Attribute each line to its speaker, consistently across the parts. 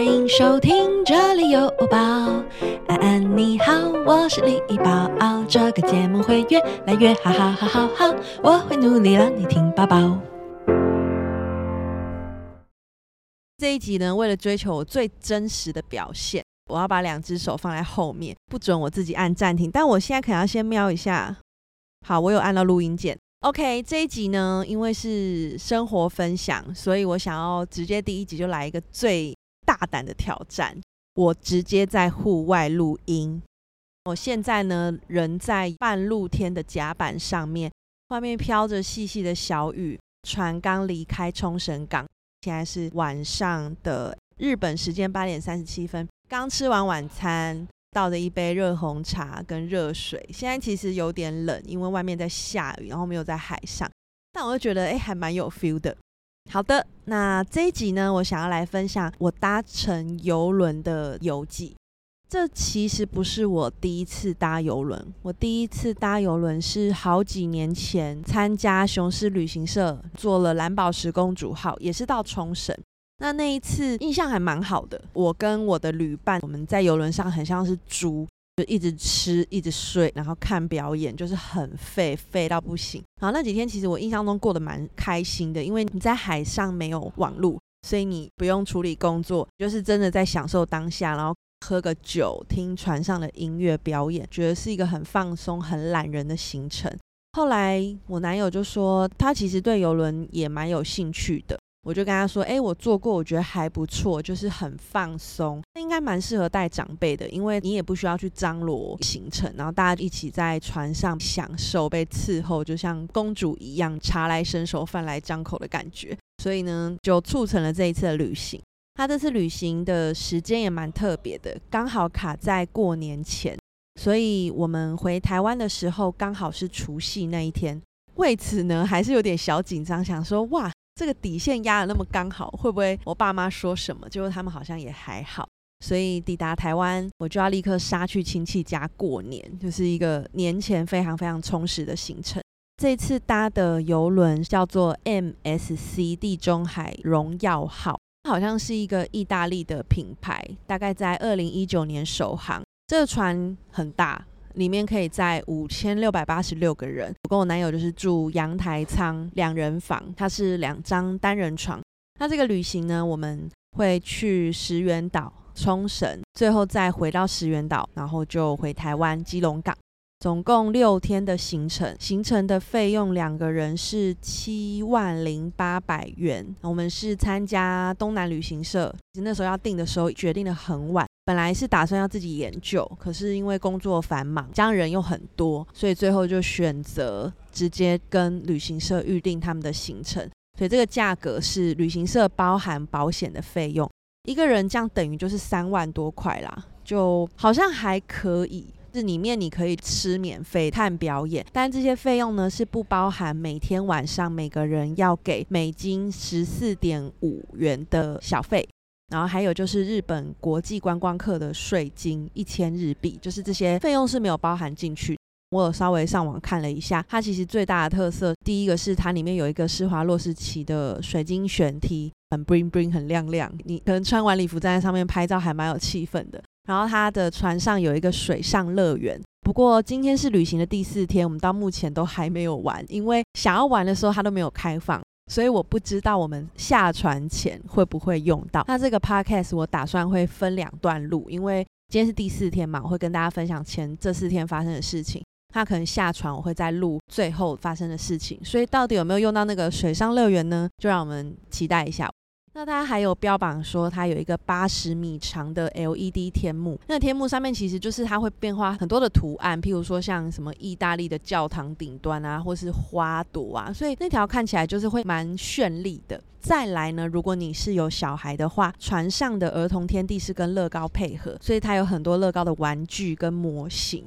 Speaker 1: 歡迎收聽，這裡有梨寶，安安你好，我是梨寶，哦，這個節目會越來越好，好好好好，我會努力讓你聽。寶寶，這一集呢，為了追求我最真實的表現，我要把兩隻手放在後面，不准我自己按暫停。但我現在可能要先瞄一下，好，我有按到錄音鍵。OK，這一集呢，因為是生活分享，所以我想要直接第一集就來一個最。大膽的挑戰，我直接在戶外錄音。我現在呢，人在半露天的甲板上面，外面飄着細細的小雨，船剛離開沖繩港，現在是晚上的日本時間八點三十七分，剛吃完晚餐，倒了一杯熱紅茶跟熱水。現在其實有點冷，因為外面在下雨，然後沒有在海上，但我就覺得，哎、欸，還蠻有 feel 的。好的，那這一集呢，我想要來分享我搭乘郵輪的遊記。這其實不是我第一次搭郵輪，我第一次搭郵輪是好幾年前參加雄獅旅行社，坐了藍寶石公主號，也是到沖繩。那那一次印象還蠻好的，我跟我的旅伴，我們在遊輪上很像是豬。就一直吃，一直睡，然後看表演，就是很廢廢到不行。然後那幾天，其實我印象中過得蠻開心的，因為你在海上沒有網絡，所以你不用處理工作，就是真的在享受當下，然後喝個酒，聽船上的音樂表演，覺得是一個很放鬆、很懶人的行程。後來我男友就說，他其實對遊輪也蠻有興趣的。我就跟他說：“哎、欸，我坐過，我覺得還不錯，就是很放鬆，應該蠻適合帶長輩的，因為你也不需要去張羅行程，然後大家一起在船上享受被伺候，就像公主一樣，茶來伸手，飯來張口的感覺。所以呢，就促成了這一次的旅行。他這次旅行的時間也蠻特別的，剛好卡在過年前，所以我們回台灣的時候剛好是除夕那一天。為此呢，還是有點小緊張，想說哇。”這個底線壓得那麼剛好，會不會我爸媽說什麼？結果他們好像也還好，所以抵達台灣，我就要立刻殺去親戚家過年，就是一個年前非常非常充實的行程。這一次搭的郵輪叫做 MSC 地中海榮耀號，好像是一個意大利的品牌，大概在二零一九年首航。這個船很大。裡面可以載五千六百八十六個人。我跟我男友就是住陽台艙兩人房，它是兩張單人床。那這個旅行呢，我們會去石垣島、沖繩，最後再回到石垣島，然後就回台灣基隆港。總共六天的行程，行程的費用兩個人是七萬零八百元。我們是參加東南旅行社，其實那時候要訂的時候決定得很晚，本來是打算要自己研究，可是因為工作繁忙，家人又很多，所以最後就選擇直接跟旅行社預定他們的行程。所以這個價格是旅行社包含保險的費用，一個人這樣等於就是三萬多塊啦，就好像還可以。是裡面你可以吃免費，看表演，但這些費用呢是不包含每天晚上每個人要給美金十四點五元的小費，然後還有就是日本國際觀光客的稅金一千日幣，就是這些費用是沒有包含進去。我有稍微上網看了一下，它其實最大的特色，第一個是它裡面有一個施華洛世奇的水晶旋梯，很 bling bling 很亮亮，你可能穿晚禮服站在，在上面拍照還蠻有氣氛的。然後他的船上有一個水上樂園，不過今天是旅行的第四天，我們到目前都還沒有玩，因為想要玩的時候它都沒有開放，所以我不知道我們下船前會不會用到。那這個 podcast 我打算會分兩段錄，因為今天是第四天嘛，我會跟大家分享前這四天發生的事情，那可能下船我會再錄最後發生的事情，所以到底有沒有用到那個水上樂園呢？就讓我們期待一下。那它還有標榜說，它有一個八十米長的 LED 天幕，那天幕上面其實就是它會變化很多的圖案，譬如說像什麼意大利的教堂頂端啊，或是花朵啊，所以那條看起來就是會蠻絢麗的。再來呢，如果你是有小孩的話，船上的兒童天地是跟樂高配合，所以它有很多樂高的玩具跟模型。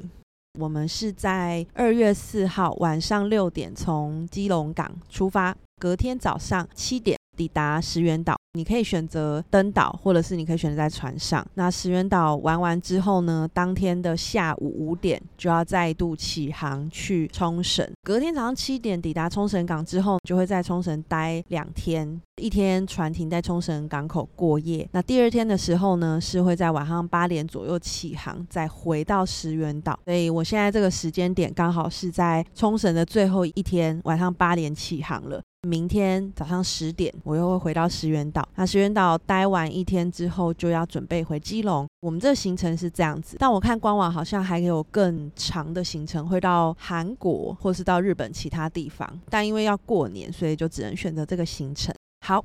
Speaker 1: 我們是在二月四號晚上六點從基隆港出發，隔天早上七點，抵達石垣島，你可以選擇登島，或者是你可以選擇在船上。那石垣島玩完之後呢，當天的下午五點就要再度起航去沖繩。隔天早上七點抵達沖繩港之後，就會在沖繩待兩天，一天船停在沖繩港口過夜。那第二天的時候呢，是會在晚上八點左右起航，再回到石垣島。所以我現在這個時間點剛好是在沖繩的最後一天，晚上八點起航了。明天早上十點，我又會回到石垣島。那石垣島待完一天之後，就要準備回基隆。我們這個行程是這樣子，但我看官網好像還有更長的行程，會到韓國或是到日本其他地方。但因為要過年，所以就只能選擇這個行程。好，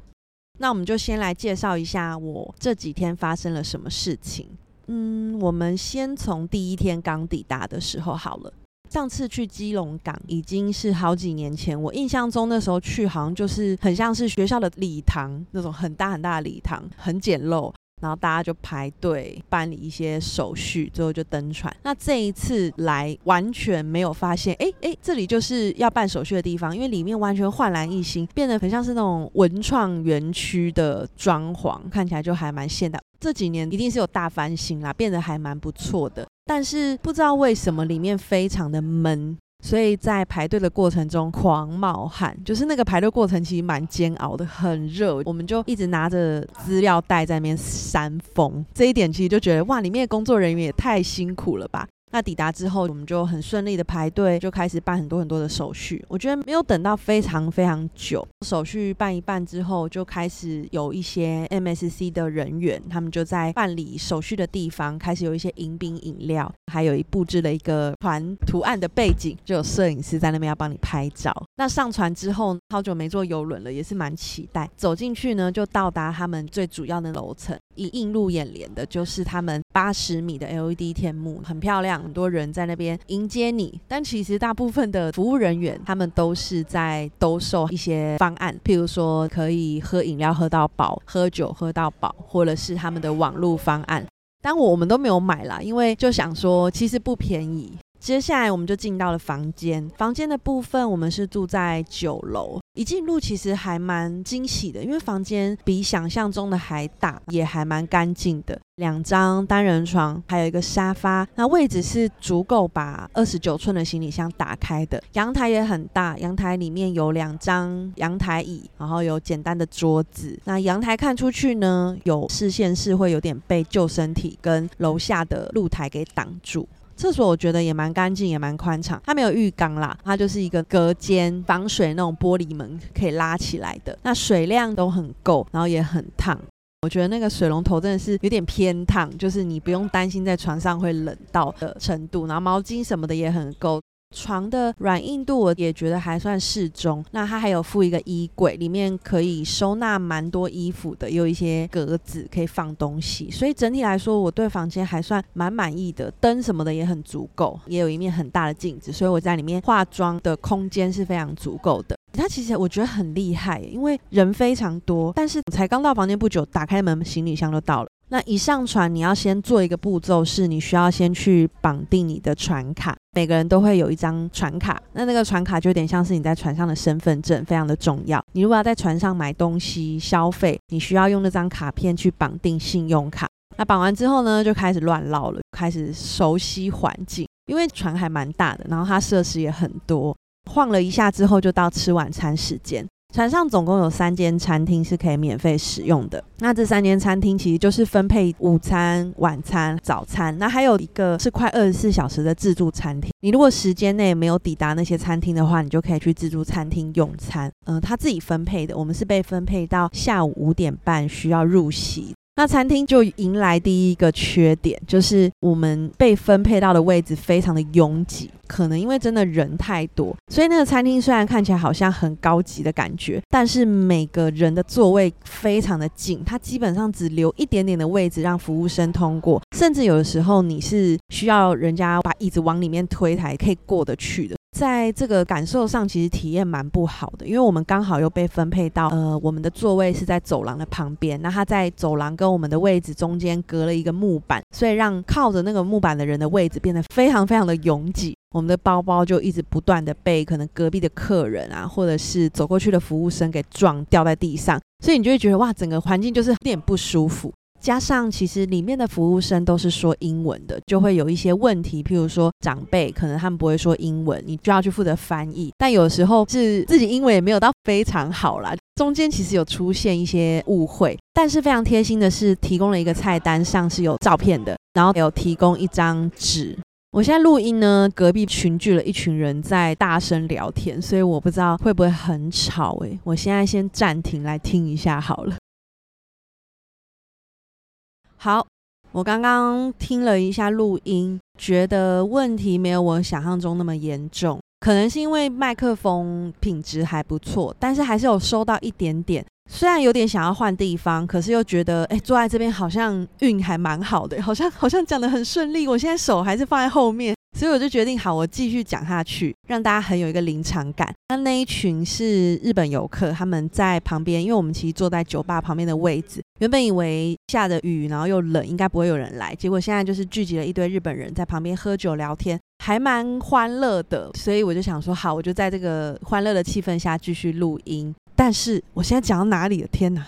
Speaker 1: 那我們就先來介紹一下我這幾天發生了什麼事情。嗯，我們先從第一天剛抵達的時候好了。上次去基隆港，已經是好幾年前，我印象中那時候去好像就是很像是學校的禮堂，那種很大很大的禮堂，很簡陋。然後大家就排隊辦理一些手續，最後就登船。那這一次來完全沒有發現，哎哎，這裡就是要辦手續的地方，因為裡面完全煥然一新，變得很像是那種文創園區的裝潢，看起來就還蠻現代。這幾年一定是有大翻新啦，變得還蠻不錯的。但是不知道為什麼裡面非常的悶。所以在排隊的過程中狂冒汗，就是那個排隊過程其實蠻煎熬的，很熱。我們就一直拿着資料袋在那邊扇風，這一點其實就覺得哇，裡面的工作人員也太辛苦了吧。那抵達之後，我們就很順利的排隊，就開始辦很多很多的手續。我覺得沒有等到非常非常久，手續辦一辦之後，就開始有一些 MSC 的人員，他們就在辦理手續的地方開始有一些迎賓飲料，還有一布置了一個船圖案的背景，就有攝影師在那邊要幫你拍照。那上船之後，好久沒坐遊輪了，也是蠻期待。走進去呢，就到達他們最主要的樓層，一映入眼簾的就是他們八十米的 LED 天幕，很漂亮。很多人在那邊迎接你，但其實大部分的服務人員他們都是在兜售一些方案，譬如說可以喝飲料喝到飽，喝酒喝到飽，或者是他們的網絡方案。但我們都沒有買啦，因為就想說其實不便宜。接下來我們就進到了房間。房間的部分，我們是住在九樓。一進入其實還蠻驚喜的，因為房間比想象中的還大，也還蠻乾淨的。兩張單人床，還有一個沙發。那位置是足夠把二十九寸的行李箱打開的。陽台也很大，陽台裡面有兩張陽台椅，然後有簡單的桌子。那陽台看出去呢，有視線是會有點被救生艇跟樓下的露台給擋住。廁所我覺得也蠻乾淨，也蠻寬敞。它沒有浴缸啦，它就是一個隔間，防水那種玻璃門可以拉起來的。那水量都很夠，然後也很燙。我覺得那個水龍頭真的是有點偏燙，就是你不用擔心在船上會冷到的程度。然後毛巾什麼的也很夠。床的軟硬度我也覺得還算適中，那它還有附一個衣櫃，裡面可以收納蠻多衣服的，有一些格子可以放東西，所以整體來說我對房間還算蠻滿意的，燈什麼的也很足夠，也有一面很大的鏡子，所以我在裡面化妝的空間是非常足夠的。它其實我覺得很厲害，因為人非常多，但是才剛到房間不久，打開門行李箱就到了。那一上船，你要先做一個步驟，是你需要先去綁定你的船卡。每個人都會有一張船卡，那那個船卡就有點像是你在船上的身份證，非常的重要。你如果要在船上買東西消費，你需要用那張卡片去綁定信用卡。那綁完之後呢，就開始亂繞了，開始熟悉環境，因為船還蠻大的，然後它設施也很多。晃了一下之後，就到吃晚餐時間。船上總共有三間餐廳是可以免費使用的。那這三間餐廳其實就是分配午餐、晚餐、早餐，那還有一個是快二十四小時的自助餐廳。你如果時間內沒有抵達那些餐廳的話，你就可以去自助餐廳用餐。嗯、呃，它自己分配的，我們是被分配到下午五點半需要入席。那餐廳就迎來第一個缺點，就是我們被分配到的位置非常的擁擠，可能因為真的人太多，所以那個餐廳雖然看起來好像很高級的感覺，但是每個人的座位非常的近，它基本上只留一點點的位置讓服務生通過，甚至有的時候你是需要人家把椅子往裡面推才可以過得去的。在這個感受上，其實體驗蠻不好的，因為我們剛好又被分配到，呃，我們的座位是在走廊的旁邊，那他在走廊跟我們的位置中間隔了一個木板，所以讓靠着那個木板的人的位置變得非常非常的擁擠，我們的包包就一直不斷的被可能隔壁的客人啊，或者是走過去的服務生給撞掉在地上，所以你就會覺得哇，整個環境就是有點不舒服。加上其實裡面的服務生都是說英文的，就會有一些問題，譬如說長輩可能他們不會說英文，你就要去負責翻譯。但有時候是自己英文也沒有到非常好啦，中間其實有出現一些誤會。但是非常貼心的是提供了一個菜單上是有照片的，然後還有提供一張紙。我現在錄音呢，隔壁群聚了一群人在大聲聊天，所以我不知道會不會很吵欸。我現在先暫停來聽一下好了。好，我剛剛聽了一下錄音，覺得問題沒有我想象中那麼嚴重，可能是因為麥克風品質還不錯，但是還是有收到一點點。雖然有點想要換地方，可是又覺得，哎、欸，坐在這邊好像運還蠻好的，好像好像講得很順利。我現在手還是放在後面。所以我就決定好，我繼續講下去，讓大家很有一個臨場感。那那一群是日本遊客，他們在旁邊，因為我們其實坐在酒吧旁邊的位置。原本以為下着雨，然後又冷，應該不會有人來。結果現在就是聚集了一堆日本人在旁邊喝酒聊天，還蠻歡樂的。所以我就想說，好，我就在這個歡樂的氣氛下繼續錄音。但是我現在講到哪裡了？天吶，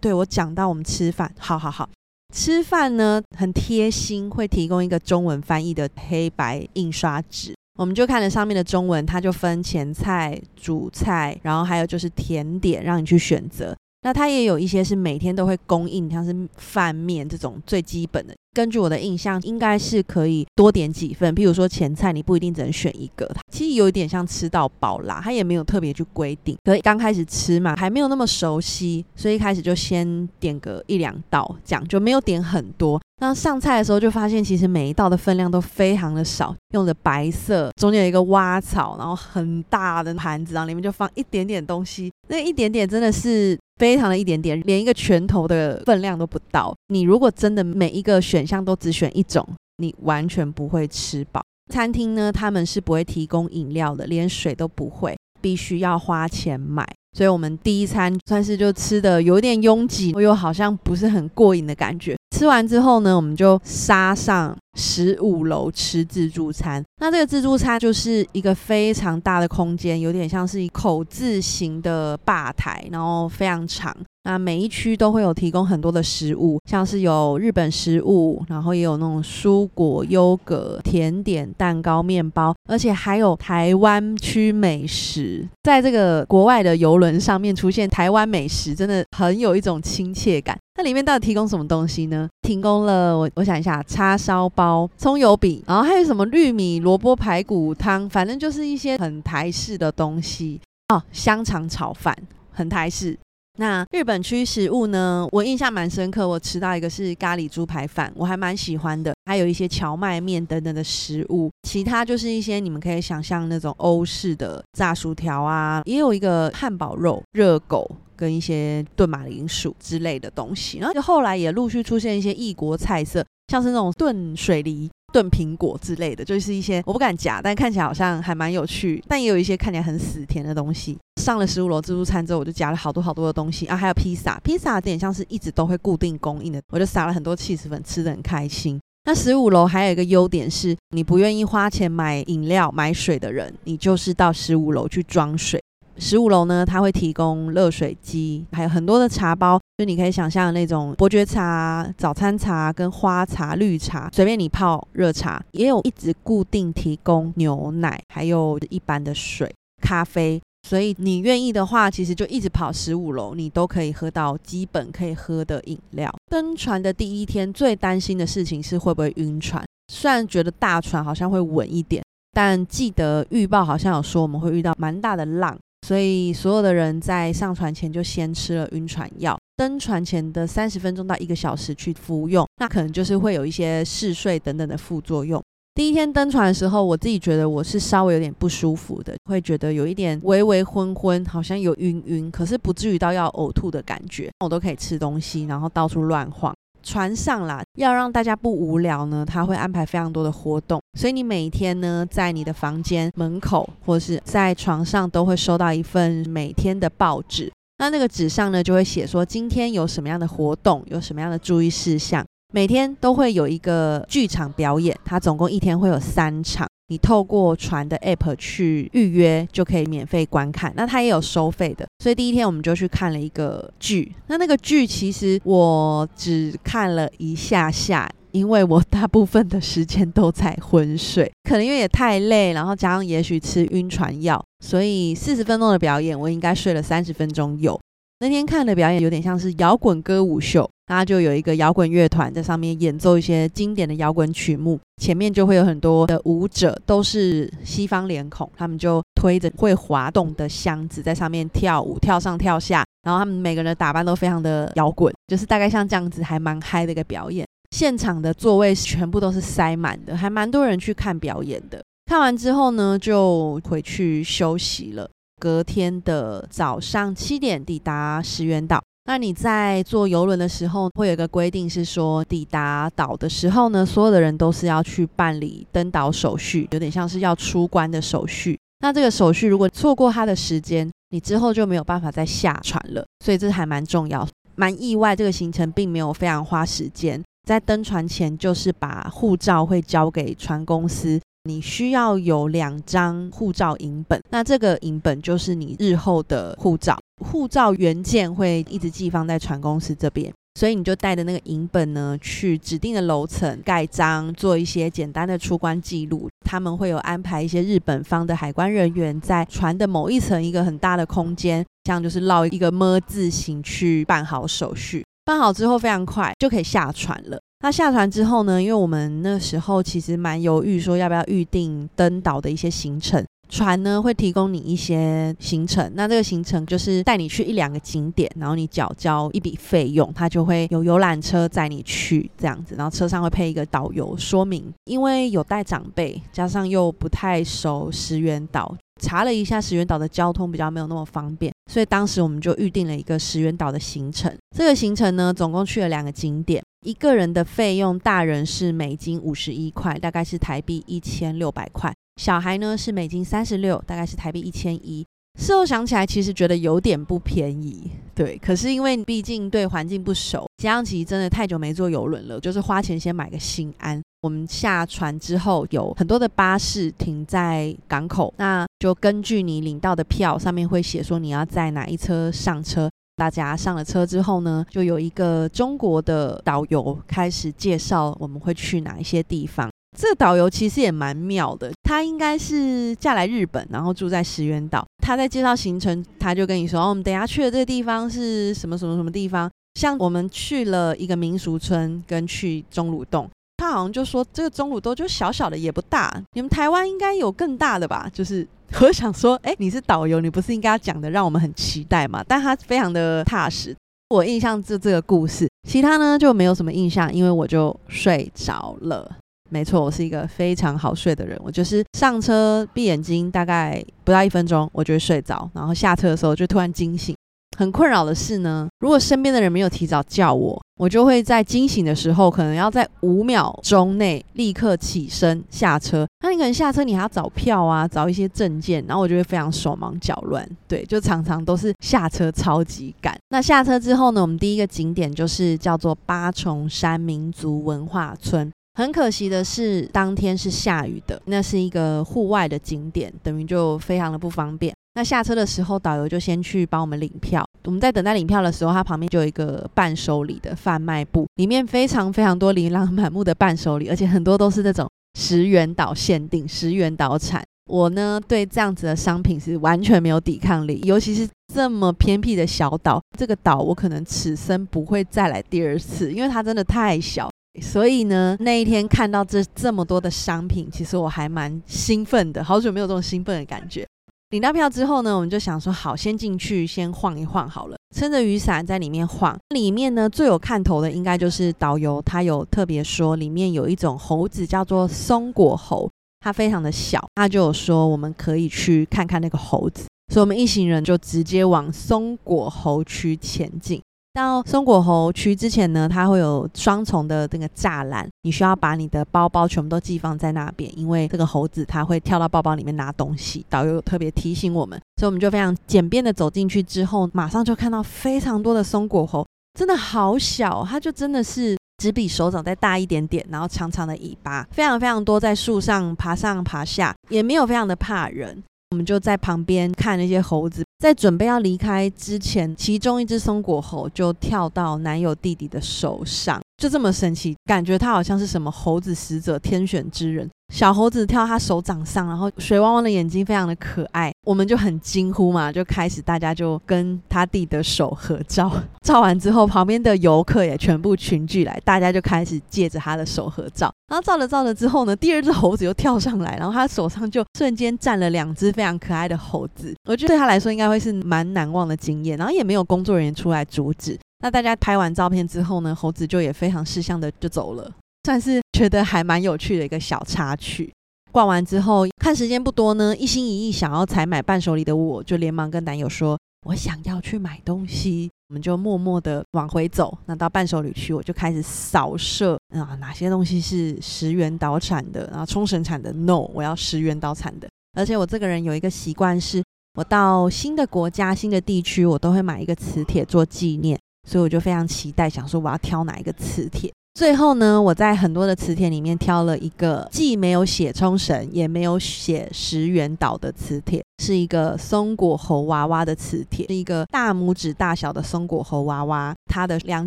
Speaker 1: 對，我講到我們吃飯，好好好。吃飯呢很貼心，會提供一個中文翻譯的黑白印刷紙，我們就看了上面的中文，它就分前菜、主菜，然後還有就是甜點，讓你去選擇。那它也有一些是每天都會供應，像是飯麵這種最基本的。根據我的印象，應該是可以多點幾份。譬如說前菜，你不一定只能選一個。它其實有一點像吃到飽啦，它也沒有特別去規定。可以剛開始吃嘛，還沒有那麼熟悉，所以一開始就先點個一兩道，這樣就沒有點很多。那上菜的時候就發現，其實每一道的分量都非常的少，用的白色中間有一個挖槽，然後很大的盤子，然後裡面就放一點點東西，那一點點真的是。非常的一點點，連一個拳頭的分量都不到。你如果真的每一個選項都只選一種，你完全不會吃飽。餐廳呢，他們是不會提供飲料的，連水都不會，必須要花錢買。所以我們第一餐算是就吃的有點擁擠，又好像不是很過癮的感覺。吃完之後呢，我們就殺上十五樓吃自助餐。那這個自助餐就是一個非常大的空間，有點像是一口字形的吧台，然後非常長。那、啊、每一區都會有提供很多的食物，像是有日本食物，然後也有那種蔬果、優格、甜點、蛋糕、麵包，而且還有臺灣區美食。在這個國外的遊輪上面出現臺灣美食，真的很有一種親切感。那裡面到底提供什麼東西呢？提供了我我想一下，叉燒包、蔥油餅，然後還有什麼玉米蘿蔔排骨湯，反正就是一些很台式的東西。哦，香腸炒飯，很台式。那日本區食物呢？我印象蠻深刻，我吃到一個是咖喱豬排飯，我還蠻喜歡的，還有一些蕎麥麵等等的食物。其他就是一些你們可以想象那種歐式的炸薯條啊，也有一個漢堡肉、熱狗跟一些燉馬鈴薯之類的東西。然後就後來也陸續出現一些異國菜色，像是那種燉水梨。燉蘋果之類的，就是一些我不敢夾，但看起來好像還蠻有趣。但也有一些看起來很死甜的東西。上了十五樓自助餐之後，我就夾了好多好多的東西啊，還有披薩。披薩有點像是一直都會固定供應的，我就撒了很多起司粉，吃得很開心。那十五樓還有一個優點是，你不願意花錢買飲料買水的人，你就是到十五樓去裝水。十五樓呢，它會提供熱水機，還有很多的茶包，就你可以想象的那種伯爵茶、早餐茶跟花茶、綠茶，隨便你泡熱茶。也有一直固定提供牛奶，還有一般的水、咖啡。所以你願意的話，其實就一直跑十五樓，你都可以喝到基本可以喝的飲料。登船的第一天，最擔心的事情是會不會暈船。雖然覺得大船好像會穩一點，但記得預報好像有說我們會遇到蠻大的浪。所以，所有的人在上船前就先吃了暈船藥，登船前的三十分鐘到一個小時去服用，那可能就是會有一些嗜睡等等的副作用。第一天登船的時候，我自己覺得我是稍微有點不舒服的，會覺得有一點微微昏昏，好像有暈暈，可是不至於到要嘔吐的感覺，我都可以吃東西，然後到處亂晃。船上啦，要讓大家不無聊呢，他會安排非常多的活動。所以你每天呢，在你的房間門口或是在床上，都會收到一份每天的報紙。那那個紙上呢，就會寫說今天有什麼樣的活動，有什麼樣的注意事項。每天都會有一個劇場表演，它總共一天會有三場。你透過船的 app 去預約就可以免費觀看，那它也有收費的，所以第一天我們就去看了一個劇。那那個劇其實我只看了一下下，因為我大部分的時間都在昏睡，可能因為也太累，然後加上也許吃暈船藥，所以四十分鐘的表演我應該睡了三十分鐘有。那天看的表演有點像是搖滾歌舞秀，那就有一個搖滾樂團在上面演奏一些經典的搖滾曲目，前面就會有很多的舞者都是西方臉孔，他們就推着會滑動的箱子在上面跳舞，跳上跳下，然後他們每個人打扮都非常的搖滾，就是大概像這樣子還蠻嗨的一個表演。現場的座位全部都是塞滿的，還蠻多人去看表演的。看完之後呢，就回去休息了。隔天的早上七點抵達石垣島。那你在坐郵輪的時候，會有一個規定是說，抵達島的時候呢，所有的人都是要去辦理登島手續，有點像是要出關的手續。那這個手續如果錯過它的時間，你之後就沒有辦法再下船了。所以這還蠻重要，蠻意外。這個行程並沒有非常花時間，在登船前就是把護照會交給船公司。你需要有兩張護照影本，那這個影本就是你日後的護照，護照原件會一直寄放在船公司這邊，所以你就帶着那個影本呢，去指定的樓層蓋章，做一些簡單的出關記錄。他們會有安排一些日本方的海關人員在船的某一層，一個很大的空間，像就是繞一個麼字型去辦好手續。辦好之後非常快就可以下船了。那下船之後呢？因為我們那時候其實蠻猶豫，說要不要預定登島的一些行程。船呢會提供你一些行程，那這個行程就是帶你去一兩個景點，然後你繳交一筆費用，它就會有遊覽車載你去這樣子，然後車上會配一個導遊說明。因為有帶長輩，加上又不太熟石垣島，查了一下石垣島的交通比較沒有那麼方便，所以當時我們就預定了一個石垣島的行程。這個行程呢，總共去了兩個景點，一個人的費用，大人是美金五十一塊，大概是台幣一千六百塊。小孩呢是美金三十六，大概是台幣一千一。事後想起來，其實覺得有點不便宜，對。可是因為你畢竟對環境不熟，加上其實真的太久沒坐遊輪了，就是花錢先買個心安。我們下船之後，有很多的巴士停在港口，那就根據你領到的票上面會寫說你要在哪一車上車。大家上了車之後呢，就有一個中國的導遊開始介紹我們會去哪一些地方。這個導遊其實也蠻妙的，他應該是嫁來日本，然後住在石垣島。他在介紹行程，他就跟你說：“哦，我們等一下去的這個地方是什麼什麼什麼地方？像我們去了一個民俗村，跟去鐘乳洞。他好像就說這個鐘乳洞就小小的，也不大。你們台灣應該有更大的吧？就是我想說，哎，你是導遊，你不是應該要講的讓我們很期待嗎？但他非常的踏實。我印象這這個故事，其他呢就沒有什麼印象，因為我就睡着了。沒錯，我是一個非常好睡的人。我就是上車閉眼睛，大概不到一分鐘，我就會睡着。然後下車的時候就突然驚醒。很困擾的是呢，如果身邊的人沒有提早叫我，我就會在驚醒的時候，可能要在五秒鐘內立刻起身下車。那你可能下車，你還要找票啊，找一些證件，然後我就會非常手忙腳亂。對，就常常都是下車超級趕。那下車之後呢，我們第一個景點就是叫做八重山民族文化村。很可惜的是，當天是下雨的。那是一個戶外的景點，等於就非常的不方便。那下車的時候，導遊就先去幫我們領票。我們在等待領票的時候，它旁邊就有一個伴手禮的販賣部，裡面非常非常多琳琅滿目的伴手禮，而且很多都是這種石垣島限定、石垣島產。我呢，對這樣子的商品是完全沒有抵抗力，尤其是這麼偏僻的小島。這個島我可能此生不會再來第二次，因為它真的太小。所以呢，那一天看到這這麼多的商品，其實我還蠻興奮的。好久沒有這種興奮的感覺。領到票之後呢，我們就想說，好，先進去先晃一晃好了。撐着雨傘在裡面晃，裡面呢最有看頭的應該就是導遊他有特別說，裡面有一種猴子叫做松果猴，它非常的小。他就有說我們可以去看看那個猴子，所以我們一行人就直接往松果猴區前進。到松果猴區之前呢，它會有雙重的那個柵欄，你需要把你的包包全部都寄放在那邊，因為這個猴子它會跳到包包裡面拿東西。導遊特別提醒我們，所以我們就非常簡便的走進去之後，馬上就看到非常多的松果猴，真的好小哦，它就真的是只比手掌再大一點點，然後長長的尾巴，非常非常多在樹上爬上爬下，也沒有非常的怕人。我們就在旁邊看那些猴子，在準備要離開之前，其中一只松果猴就跳到男友弟弟的手上，就這麼神奇，感覺他好像是什麼猴子使者、天選之人。小猴子跳到他手掌上，然後水汪汪的眼睛非常的可愛，我們就很驚呼嘛，就開始大家就跟他弟的手合照。照完之後，旁邊的遊客也全部群聚來，大家就開始借着他的手合照。然後照了照了之後呢，第二隻猴子又跳上來，然後他手上就瞬間站了兩隻非常可愛的猴子，我覺得對他來說應該會是蠻難忘的經驗。然後也沒有工作人員出來阻止，那大家拍完照片之後呢，猴子就也非常識相的就走了，算是覺得還蠻有趣的一個小插曲。逛完之後看時間不多呢，一心一意想要採買伴手禮的我就連忙跟男友說。我想要去買東西，我們就默默地往回走。那到伴手禮區，我就開始掃射、嗯、啊，哪些東西是石垣島產的，然後沖繩產的，no，我要石垣島產的。而且我這個人有一個習慣，是我到新的國家、新的地區，我都會買一個磁鐵做紀念。所以我就非常期待，想說我要挑哪一個磁鐵。最後呢，我在很多的磁鐵裡面挑了一個既沒有寫沖繩也沒有寫石垣島的磁鐵，是一個松果猴娃娃的磁鐵，是一個大拇指大小的松果猴娃娃，它的兩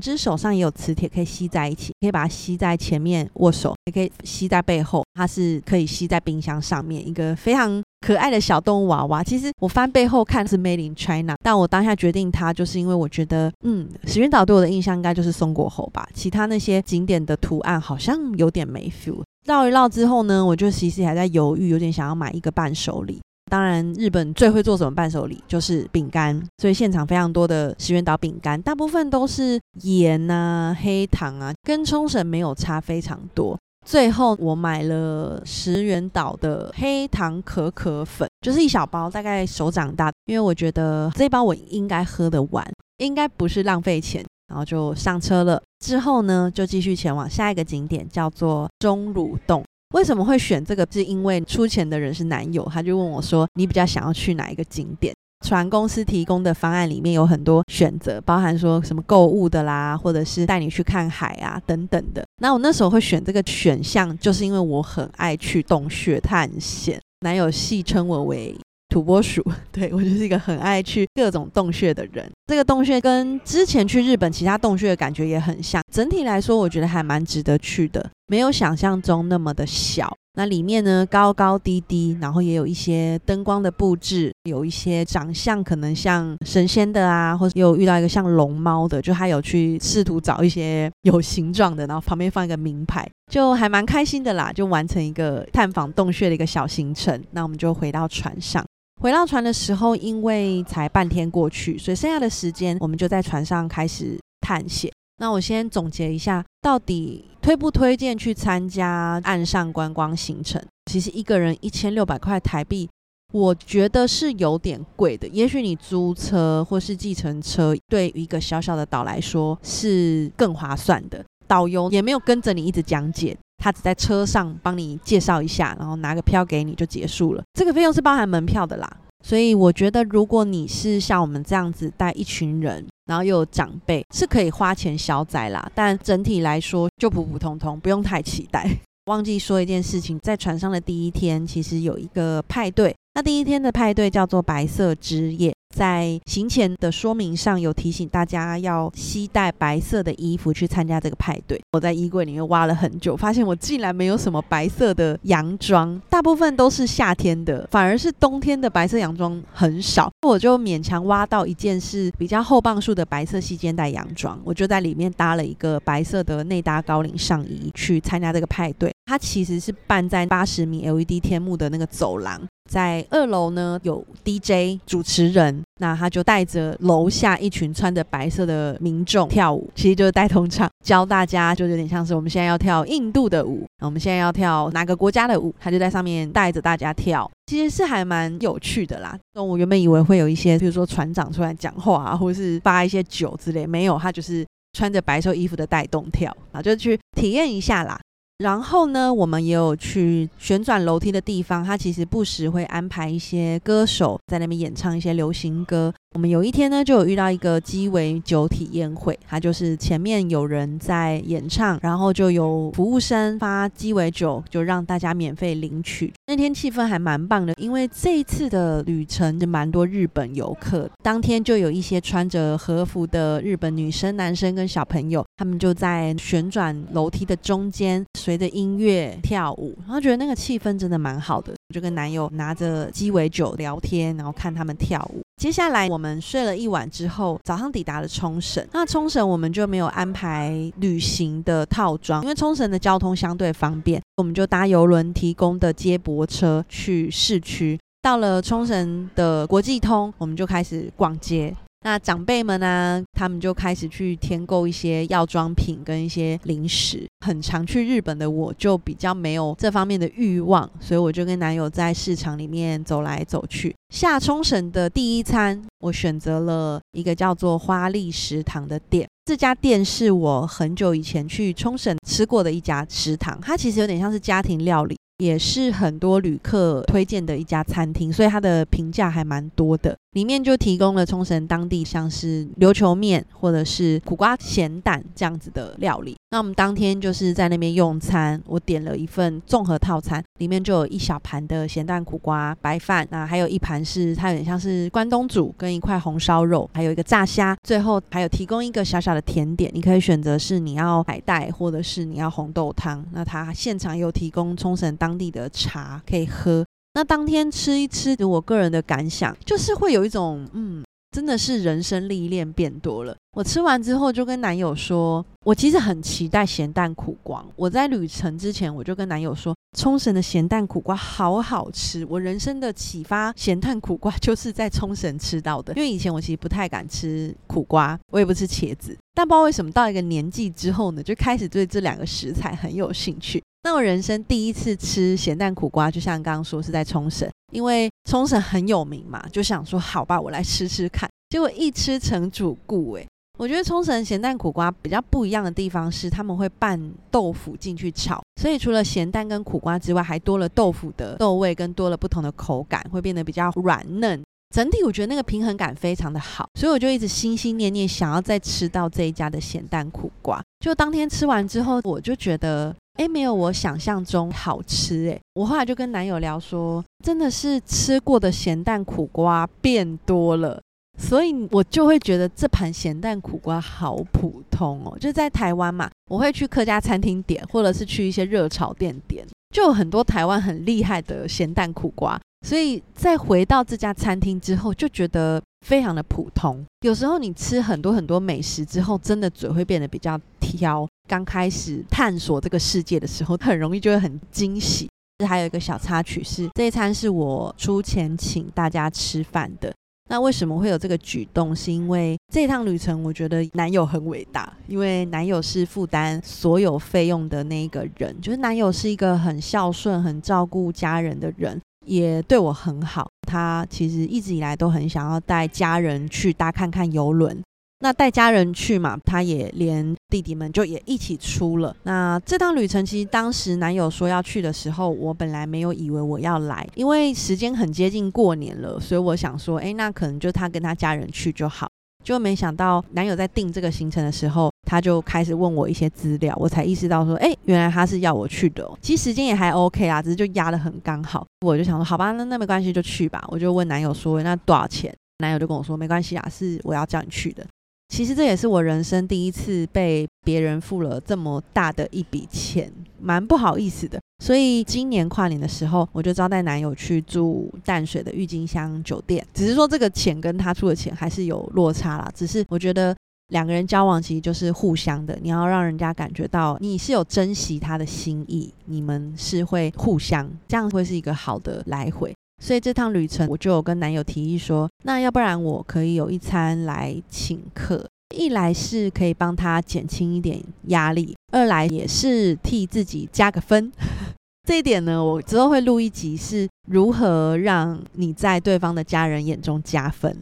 Speaker 1: 隻手上也有磁鐵，可以吸在一起，可以把它吸在前面握手，也可以吸在背後，它是可以吸在冰箱上面，一個非常可愛的小動物娃娃，其實我翻背後看是 Made in China，但我當下決定它，就是因為我覺得，嗯，石垣島對我的印象應該就是松果猴吧，其他那些景點的圖案好像有點沒 feel。繞一繞之後呢，我就其實還在猶豫，有點想要買一個伴手禮。當然，日本最會做什麼伴手禮，就是餅乾，所以現場非常多的石垣島餅乾，大部分都是鹽吶、啊、黑糖啊，跟沖繩沒有差非常多。最後我買了石垣島的黑糖可可粉，就是一小包，大概手掌大，因為我覺得這包我應該喝得完，應該不是浪費錢，然後就上車了。之後呢，就繼續前往下一個景點，叫做鐘乳洞。為什麼會選這個？是因為出錢的人是男友，他就問我說：“你比較想要去哪一個景點？”船公司提供的方案裡面有很多選擇，包含說什麼購物的啦，或者是帶你去看海啊等等的。那我那時候會選這個選項，就是因為我很愛去洞穴探險。男友戲稱我為土撥鼠，對，我就是一個很愛去各種洞穴的人。這個洞穴跟之前去日本其他洞穴的感覺也很像。整體來說，我覺得還蠻值得去的。沒有想象中那麼的小，那裡面呢，高高低低，然後也有一些燈光的布置，有一些長相可能像神仙的啊，或者又遇到一個像龍貓的，就他有去試圖找一些有形狀的，然後旁邊放一個名牌，就還蠻開心的啦，就完成一個探訪洞穴的一個小行程。那我們就回到船上，回到船的時候，因為才半天過去，所以剩下的時間我們就在船上開始探險。那我先總結一下，到底推不推薦去參加岸上觀光行程？其實一個人一千六百塊台幣，我覺得是有點貴的。也許你租車或是計程車，對於一個小小的島來說是更划算的。導遊也沒有跟着你一直講解，他只在車上幫你介紹一下，然後拿個票給你就結束了。這個費用是包含門票的啦。所以我覺得，如果你是像我們這樣子帶一群人，然後又有長輩，是可以花錢消災啦。但整體來說就普普通通，不用太期待。忘記說一件事情，在船上的第一天，其實有一個派對。那第一天的派對叫做白色之夜。在行前的說明上，有提醒大家要攜帶白色的衣服去參加這個派對。我在衣櫃裡面挖了很久，發現我竟然沒有什麼白色的洋裝，大部分都是夏天的，反而是冬天的白色洋裝很少。我就勉強挖到一件是比較厚磅數的白色細肩帶洋裝，我就在裡面搭了一個白色的內搭高領上衣去參加這個派對。它其實是辦在八十米 LED 天幕的那個走廊。在二樓呢，有 DJ 主持人，那他就帶着樓下一群穿着白色的民眾跳舞，其實就是帶動唱，教大家，就有點像是我們現在要跳印度的舞，那我們現在要跳哪個國家的舞，他就在上面帶着大家跳，其實是還蠻有趣的啦。那我原本以為會有一些，譬如說船長出來講話啊，或者是發一些酒之類，沒有，他就是穿着白色衣服的帶動跳，然後就去體驗一下啦。然後呢，我們也有去旋轉樓梯的地方，它其實不時會安排一些歌手在那邊演唱一些流行歌。我們有一天呢，就有遇到一個雞尾酒體驗會，它就是前面有人在演唱，然後就有服務生發雞尾酒，就讓大家免費領取。那天氣氛還蠻棒的，因為這一次的旅程就蠻多日本遊客，當天就有一些穿着和服的日本女生、男生跟小朋友，他們就在旋轉樓梯的中間。隨着音樂跳舞，然後覺得那個氣氛真的蠻好的，我就跟男友拿着雞尾酒聊天，然後看他們跳舞。接下來我們睡了一晚之後，早上抵達了沖繩。那沖繩我們就沒有安排旅行的套裝，因為沖繩的交通相對方便，我們就搭郵輪提供的接駁車去市區。到了沖繩的國際通，我們就開始逛街。那長輩們呢？他們就開始去添購一些藥妝品跟一些零食。很常去日本的我就比較沒有這方面的慾望，所以我就跟男友在市場裡面走來走去。下沖繩的第一餐，我選擇了一個叫做花力食堂的店。這家店是我很久以前去沖繩吃過的一家食堂，它其實有點像是家庭料理，也是很多旅客推薦的一家餐廳，所以它的評價還蠻多的。裡面就提供了沖繩當地像是琉球麵或者是苦瓜鹹蛋這樣子的料理。那我們當天就是在那邊用餐，我點了一份綜合套餐，裡面就有一小盤的鹹蛋苦瓜白飯，那還有一盤是它有點像是關東煮跟一塊紅燒肉，還有一個炸蝦，最後還有提供一個小小的甜點，你可以選擇是你要海帶或者是你要紅豆湯。那它現場有提供沖繩當地的茶可以喝。那當天吃一吃，我個人的感想就是會有一種，嗯，真的是人生歷練變多了。我吃完之後就跟男友說，我其實很期待鹹蛋苦瓜。我在旅程之前我就跟男友說，沖繩的鹹蛋苦瓜好好吃。我人生的啟發鹹蛋苦瓜就是在沖繩吃到的。因為以前我其實不太敢吃苦瓜，我也不吃茄子，但不知道為什麼到一個年紀之後呢，就開始對這兩個食材很有興趣。那我人生第一次吃鹹蛋苦瓜，就像剛剛說是在沖繩，因為沖繩很有名嘛，就想說好吧，我來吃吃看。結果一吃成主顧。哎，我覺得沖繩鹹蛋苦瓜比較不一樣的地方是他們會拌豆腐進去炒，所以除了鹹蛋跟苦瓜之外，還多了豆腐的豆味，跟多了不同的口感，會變得比較軟嫩。整體我覺得那個平衡感非常的好，所以我就一直心心念念想要再吃到這一家的鹹蛋苦瓜。就當天吃完之後，我就覺得，哎，沒有我想象中好吃誒。我後來就跟男友聊說，真的是吃過的鹹蛋苦瓜變多了，所以我就會覺得這盤鹹蛋苦瓜好普通哦。就在台灣嘛，我會去客家餐廳點，或者是去一些熱炒店點，就有很多台灣很厲害的鹹蛋苦瓜。所以在回到這家餐廳之後，就覺得非常的普通。有時候你吃很多很多美食之後，真的嘴會變得比較挑。剛開始探索這個世界的時候，很容易就會很驚喜。這還有一個小插曲是，這一餐是我出錢請大家吃飯的。那為什麼會有這個舉動？是因為這一趟旅程，我覺得男友很偉大，因為男友是負擔所有費用的那一個人。就是男友是一個很孝順、很照顧家人的人。也對我很好，他其實一直以來都很想要帶家人去搭看看遊輪。那帶家人去嘛，他也連弟弟們就也一起出了。那這趟旅程，其實當時男友說要去的時候，我本來沒有以為我要來，因為時間很接近過年了，所以我想說，哎，那可能就他跟他家人去就好。就沒想到男友在訂這個行程的時候，他就開始問我一些資料，我才意識到說，哎、欸，原來他是要我去的喔。其實時間也還 OK 啦，只是就壓得很剛好。我就想說，好吧，那那沒關係就去吧。我就問男友說，那多少錢？男友就跟我說，沒關係啊，是我要叫你去的。其實這也是我人生第一次被別人付了這麼大的一筆錢，蠻不好意思的。所以今年跨年的時候，我就招待男友去住淡水的鬱金香酒店。只是說這個錢跟他出的錢還是有落差啦。只是我覺得兩個人交往其實就是互相的，你要讓人家感覺到你是有珍惜他的心意，你們是會互相，這樣會是一個好的來回。所以這趟旅程，我就有跟男友提議說，那要不然我可以有一餐來請客，一來是可以幫他減輕一點壓力，二來也是替自己加個分。 這一點呢，我之後會錄一集，是如何讓你在對方的家人眼中加分。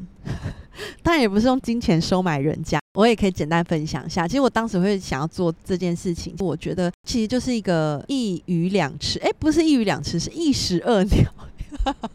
Speaker 1: 當 然也不是用金錢收買人家，我也可以簡單分享一下。其實我當時會想要做這件事情，我覺得其實就是一個一魚兩吃，哎，不是一魚兩吃，是一石二鳥。哈哈，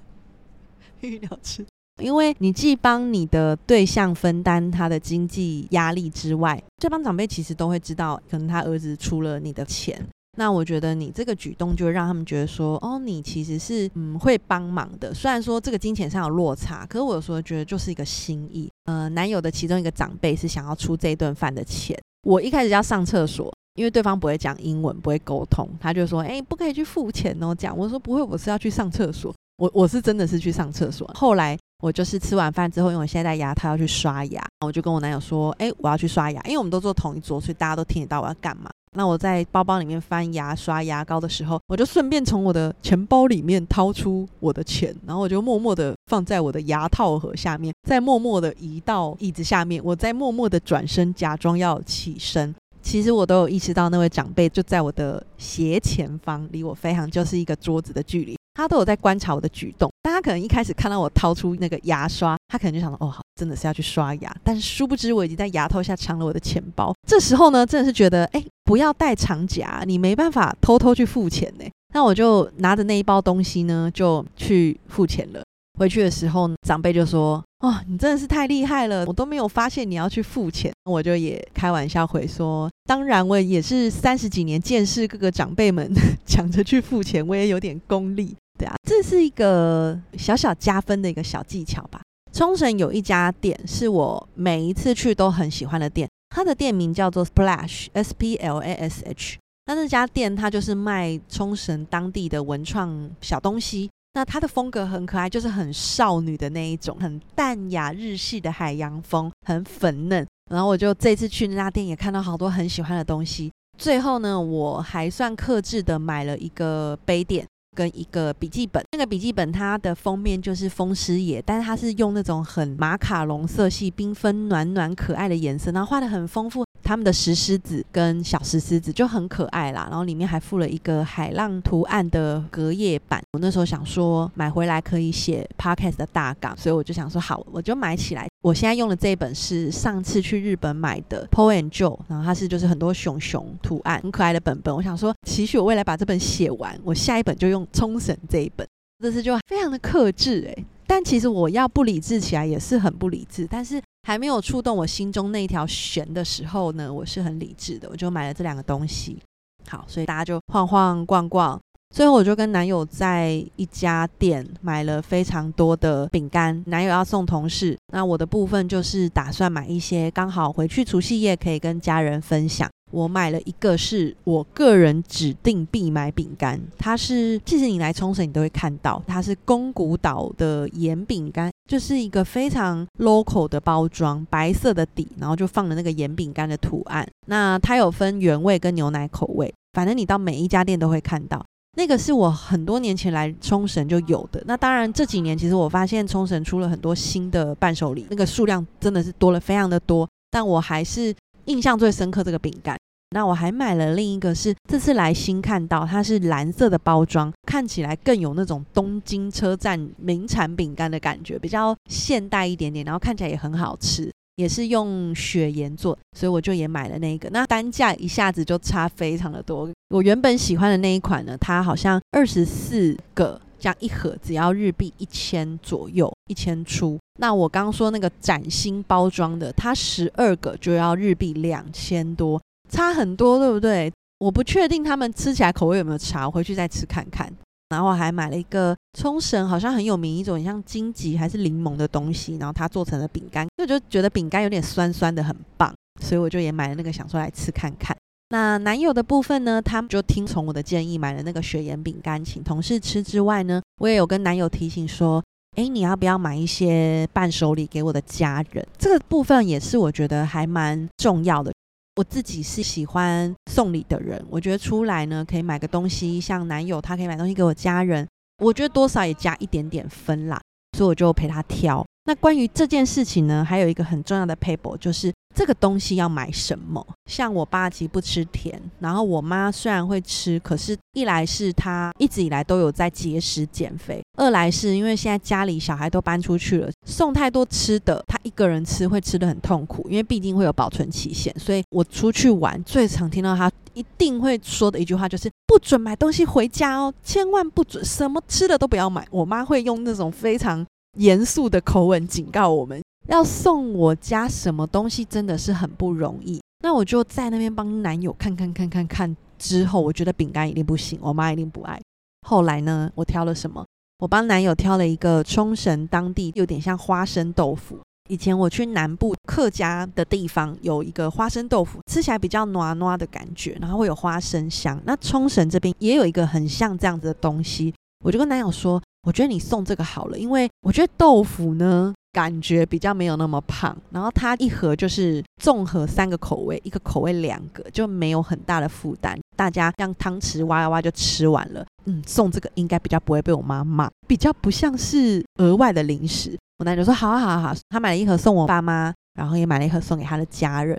Speaker 1: 預料吃。因為你既幫你的對象分擔他的經濟壓力之外，這幫長輩其實都會知道，可能他兒子出了你的錢，那我覺得你這個舉動就會讓他們覺得說，哦，你其實是嗯會幫忙的。雖然說這個金錢上有落差，可是我有時候覺得就是一個心意。呃，男友的其中一個長輩是想要出這頓飯的錢，我一開始要上廁所，因為對方不會講英文，不會溝通，他就說，哎、欸，不可以去付錢哦，這樣。我說，不會，我是要去上廁所。我我是真的是去上廁所。後來我就是吃完飯之後，因為我現在戴牙套要去刷牙，我就跟我男友說：“哎、欸，我要去刷牙。”因為我們都坐同一桌，所以大家都聽得到我要幹嘛。那我在包包裡面翻牙刷、牙膏的時候，我就順便從我的錢包裡面掏出我的錢，然後我就默默地放在我的牙套盒下面，再默默地移到椅子下面。我再默默地轉身，假裝要起身。其實我都有意識到那位長輩就在我的斜前方，離我非常就是一個桌子的距離。他都有在觀察我的舉動。大家可能一開始看到我掏出那個牙刷，他可能就想到哦，好，真的是要去刷牙。但是殊不知我已經在牙套下藏了我的錢包。這時候呢，真的是覺得哎，不要帶長夾，你沒辦法偷偷去付錢呢。那我就拿着那一包東西呢，就去付錢了。回去的時候，長輩就說：“哦，你真的是太厲害了，我都沒有發現你要去付錢。”我就也開玩笑回說：“當然，我也是三十幾年見識各個長輩們搶着去付錢，我也有點功利。」對啊，這是一個小小加分的一個小技巧吧。沖繩有一家店是我每一次去都很喜歡的店，它的店名叫做 Splash S P L A S H。那這家店它就是賣沖繩當地的文創小東西。那它的風格很可愛，就是很少女的那一種，很淡雅日系的海洋風，很粉嫩。然後我就這次去那家店也看到好多很喜歡的東西，最後呢，我還算克制的買了一個杯墊。跟一個筆記本。那個筆記本它的封面就是風獅爺，但是它是用那種很馬卡龍色系，繽紛、暖暖、可愛的顏色，然後畫得很豐富。他們的石獅子跟小石獅子就很可愛啦。然後裡面還附了一個海浪圖案的隔頁板。我那時候想說買回來可以寫 podcast 的大綱，所以我就想說好，我就買起來。我現在用的這本是上次去日本買的 Paul and Joe，然後它是就是很多熊熊圖案，很可愛的本本。我想說，其實我未來把這本寫完，我下一本就用。沖繩這一本，這次就非常的克制，欸，但其實我要不理智起來也是很不理智，但是還沒有觸動我心中那一條弦的時候呢，我是很理智的，我就買了這兩個東西。好，所以大家就晃晃逛逛，最後我就跟男友在一家店買了非常多的餅乾，男友要送同事，那我的部分就是打算買一些，剛好回去除夕夜可以跟家人分享。我買了一個是我個人指定必買餅乾，它是即使你來沖繩你都會看到，它是宮古島的鹽餅乾，就是一個非常 local 的包裝，白色的底，然後就放了那個鹽餅乾的圖案。那它有分原味跟牛奶口味，反正你到每一家店都會看到。那個是我很多年前來沖繩就有的。那當然這幾年其實我發現沖繩出了很多新的伴手禮，那個數量真的是多了非常的多，但我還是。印象最深刻這個餅乾，那我還買了另一個是，是這次來新看到它，是藍色的包裝，看起來更有那種東京車站名產餅乾的感覺，比較現代一點點，然後看起來也很好吃，也是用雪鹽做，所以我就也買了那個。那單價一下子就差非常的多，我原本喜歡的那一款呢，它好像二十四個。這樣一盒只要日幣一千左右，一千出。那我剛剛說那個嶄新包裝的，它十二個就要日幣兩千多，差很多，對不對？我不確定他們吃起來口味有沒有差，我回去再吃看看。然後我還買了一個沖繩好像很有名一種很像荊棘還是檸檬的東西，然後它做成了餅乾，我就覺得餅乾有點酸酸的，很棒，所以我就也買了那個，想說來吃看看。那男友的部分呢？他就聽從我的建議，買了那個雪鹽餅乾請同事吃之外呢，我也有跟男友提醒說，哎，你要不要買一些伴手禮給我的家人？這個部分也是我覺得還蠻重要的。我自己是喜歡送禮的人，我覺得出來呢可以買個東西，像男友他可以買東西給我家人，我覺得多少也加一點點分啦，所以我就陪他挑。那關於這件事情呢，還有一個很重要的 paper，就是這個東西要買什麼。像我爸其實不吃甜，然後我媽雖然會吃，可是，一來是她一直以來都有在節食減肥，二來是因為現在家裡小孩都搬出去了，送太多吃的，她一個人吃會吃得很痛苦，因為畢竟會有保存期限。所以我出去玩最常聽到她一定會說的一句話就是：不准買東西回家哦，千萬不准什麼吃的都不要買。我媽會用那種非常。嚴肅的口吻警告我們，要送我家什麼東西真的是很不容易。那我就在那邊幫男友看看看看，看看，之後我覺得餅乾一定不行，我媽一定不愛。後來呢，我挑了什麼？我幫男友挑了一個沖繩當地有點像花生豆腐。以前我去南部客家的地方，有一個花生豆腐，吃起來比較糯糯的感覺，然後會有花生香。那沖繩這邊也有一個很像這樣子的東西，我就跟男友說。我覺得你送這個好了，因為我覺得豆腐呢，感覺比較沒有那麼胖。然後它一盒就是綜合三個口味，一個口味兩個，就沒有很大的負擔。大家這樣湯匙挖呀挖就吃完了，嗯，送這個應該比較不會被我媽罵，比較不像是額外的零食。我男友說好，好，好，好，好，他買了一盒送我爸媽，然後也買了一盒送給他的家人。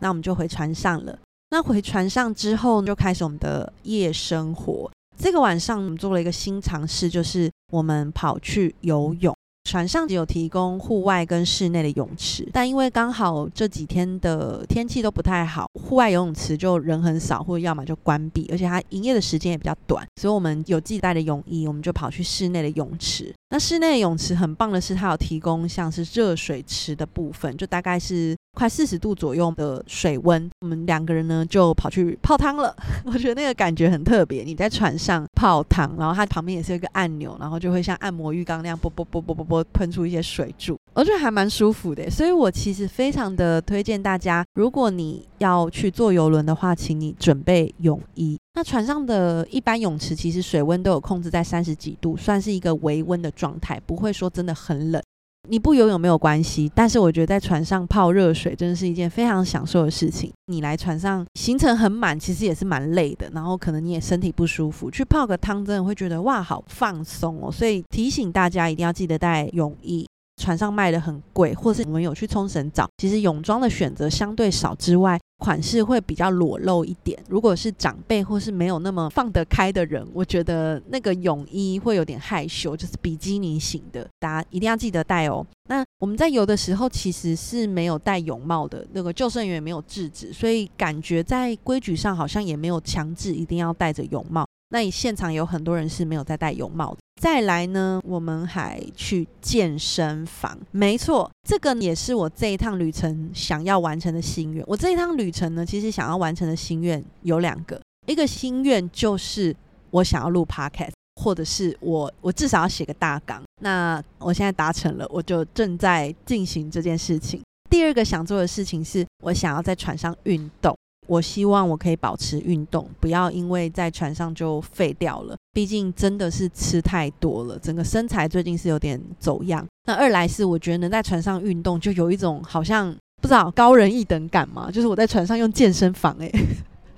Speaker 1: 那我們就回船上了。了那回船上之後呢，就開始我們的夜生活。這個晚上我們做了一個新嘗試，就是。我們跑去游泳，船上就有提供戶外跟室內的泳池，但因為剛好這幾天的天氣都不太好，戶外游泳池就人很少，或者要麼就關閉，而且它營業的時間也比較短，所以我們有自己帶的泳衣，我們就跑去室內的泳池。那室內的泳池很棒的是，它有提供像是熱水池的部分，就大概是。快四十度左右的水溫，我們兩個人呢就跑去泡湯了。 我覺得那個感覺很特別，你在船上泡湯，然後它旁邊也是有一個按鈕，然後就會像按摩浴缸那樣，啵啵啵啵啵啵噴出一些水柱，我覺得還蠻舒服的。所以我其實非常的推薦大家，如果你要去坐遊輪的話，請你準備泳衣。那船上的一般泳池其實水溫都有控制在三十幾度，算是一個微溫的狀態，不會說真的很冷。你不游泳沒有關係，但是我覺得在船上泡熱水真的是一件非常享受的事情。你來船上行程很滿，其實也是蠻累的，然後可能你也身體不舒服，去泡個湯真的會覺得哇，好放鬆哦。所以提醒大家一定要記得帶泳衣，船上賣得很貴，或是我們有去沖繩找，其實泳裝的選擇相對少之外。款式會比較裸露一點，如果是長輩或是沒有那麼放得開的人，我覺得那個泳衣會有點害羞，就是比基尼型的，大家一定要記得帶哦。那我們在游的時候其實是沒有戴泳帽的，那個救生員也沒有制止，所以感覺在規矩上好像也沒有強制一定要戴着泳帽。那你現場有很多人是沒有在戴泳帽的。再來呢，我們還去健身房。沒錯，這個也是我這一趟旅程想要完成的心願。我這一趟旅程呢，其實想要完成的心願有兩個。一個心願就是我想要錄 podcast，或者是我我至少要寫個大綱。那我現在達成了，我就正在進行這件事情。第二個想做的事情是我想要在船上運動。我希望我可以保持運動，不要因為在船上就廢掉了。畢竟真的是吃太多了，整個身材最近是有點走樣。那二來是我覺得能在船上運動，就有一種好像不知道高人一等感嘛，就是我在船上用健身房誒。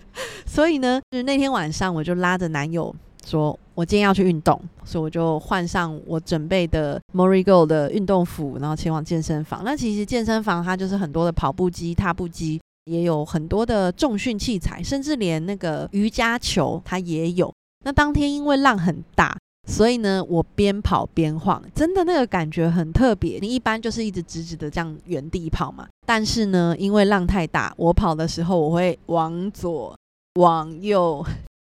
Speaker 1: 所以呢，就是那天晚上我就拉着男友說，我今天要去運動，所以我就換上我準備的 Morigo 的運動服，然後前往健身房。那其實健身房它就是很多的跑步機、踏步機。也有很多的重訓器材，甚至連那個瑜伽球它也有。那當天因為浪很大，所以呢，我邊跑邊晃，真的那個感覺很特別。你一般就是一直直直的這樣原地跑嘛，但是呢，因為浪太大，我跑的時候我會往左往右。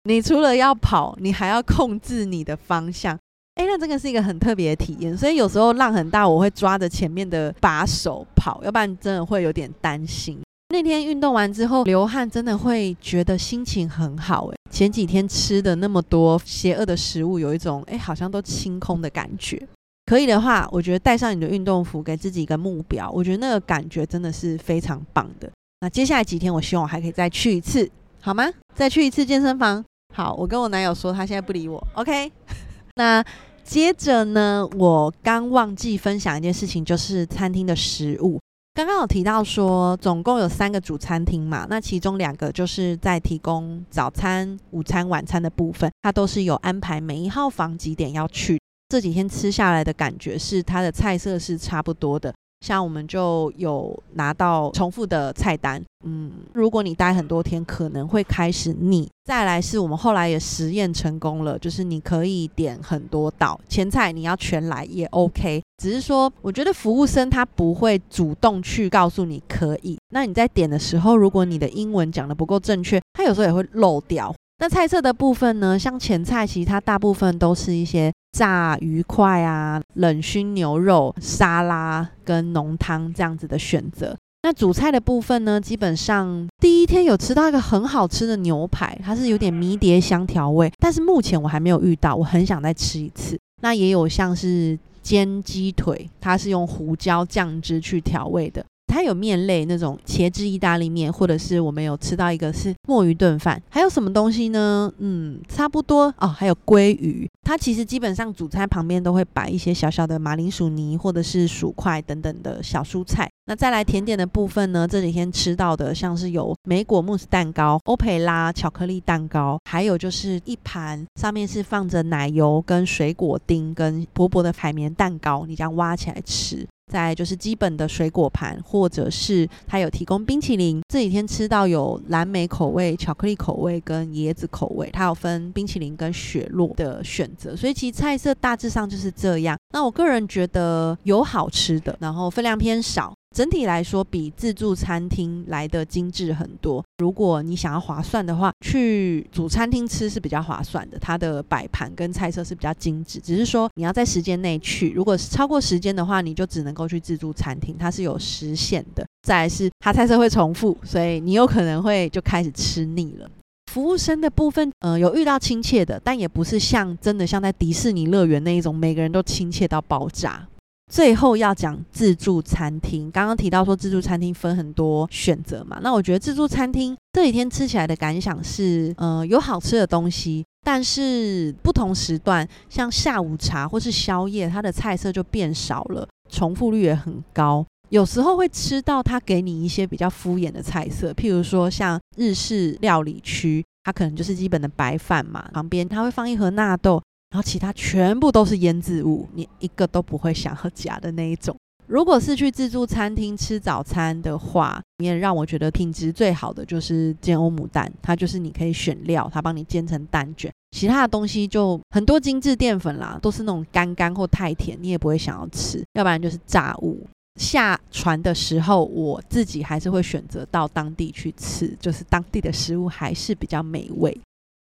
Speaker 1: 你除了要跑，你還要控制你的方向。哎、欸，那這個是一個很特別的體驗。所以有時候浪很大，我會抓着前面的把手跑，要不然真的會有點擔心。那天運動完之後流汗，真的會覺得心情很好哎、欸。前幾天吃的那麼多邪惡的食物，有一種哎、欸，好像都清空的感覺。可以的話，我覺得帶上你的運動服，給自己一個目標，我覺得那個感覺真的是非常棒的。那接下來幾天，我希望我還可以再去一次，好嗎？再去一次健身房。好，我跟我男友說，他現在不理我。OK。 那接着呢，我剛忘記分享一件事情，就是餐廳的食物。剛剛有提到說，總共有三個主餐廳嘛，那其中兩個就是在提供早餐、午餐、晚餐的部分，它都是有安排每一號房幾點要去。這幾天吃下來的感覺是，它的菜色是差不多的。像我們就有拿到重複的菜單，嗯，如果你待很多天，可能會開始膩。再來是我們後來也實驗成功了，就是你可以點很多道前菜，你要全來也 OK。只是說，我覺得服務生他不會主動去告訴你可以。那你在點的時候，如果你的英文講得不夠正確，他有時候也會漏掉。那菜色的部分呢，像前菜，其實它大部分都是一些炸魚塊啊、冷燻牛肉、沙拉跟濃湯這樣子的選擇。那主菜的部分呢，基本上第一天有吃到一個很好吃的牛排，它是有點迷迭香調味，但是目前我還沒有遇到，我很想再吃一次。那也有像是煎雞腿，它是用胡椒醬汁去調味的。它有麵類那種茄汁意大利麵，或者是我們有吃到一個是墨魚燉飯，還有什麼東西呢？嗯，差不多哦，還有鮭魚。它其實基本上主菜旁邊都會擺一些小小的馬鈴薯泥或者是薯塊等等的小蔬菜。那再來甜點的部分呢，這幾天吃到的像是有莓果慕斯蛋糕、歐培拉巧克力蛋糕，還有就是一盤上面是放着奶油跟水果丁跟薄薄的海綿蛋糕，你這樣挖起來吃。再就是基本的水果盤，或者是它有提供冰淇淋，這幾天吃到有藍莓口味、巧克力口味跟椰子口味，它有分冰淇淋跟雪酪的選擇。所以其實菜色大致上就是這樣。那我個人覺得有好吃的，然後分量偏少。整體來說比自助餐廳來得精緻很多。如果你想要划算的話，去主餐廳吃是比較划算的。它的擺盤跟菜色是比較精緻，只是說你要在時間內去。如果是超過時間的話，你就只能夠去自助餐廳，它是有時限的。再來是它菜色會重複，所以你有可能會就開始吃膩了。服務生的部分，嗯、呃，有遇到親切的，但也不是像真的像在迪士尼樂園那一種，每個人都親切到爆炸。最後要講自助餐廳，剛剛提到說自助餐廳分很多選擇嘛，那我覺得自助餐廳這幾天吃起來的感想是，呃，有好吃的東西，但是不同時段，像下午茶或是宵夜，它的菜色就變少了，重複率也很高，有時候會吃到它給你一些比較敷衍的菜色，譬如說像日式料理區，它可能就是基本的白飯嘛，旁邊它會放一盒納豆。然後其他全部都是醃制物，你一個都不會想要夾的那一種。如果是去自助餐廳吃早餐的話，也讓我覺得品質最好的就是煎歐姆蛋，它就是你可以選料，它幫你煎成蛋卷。其他的東西就很多精致澱粉啦，都是那種乾乾或太甜，你也不會想要吃。要不然就是炸物。下船的時候，我自己還是會選擇到當地去吃，就是當地的食物還是比較美味。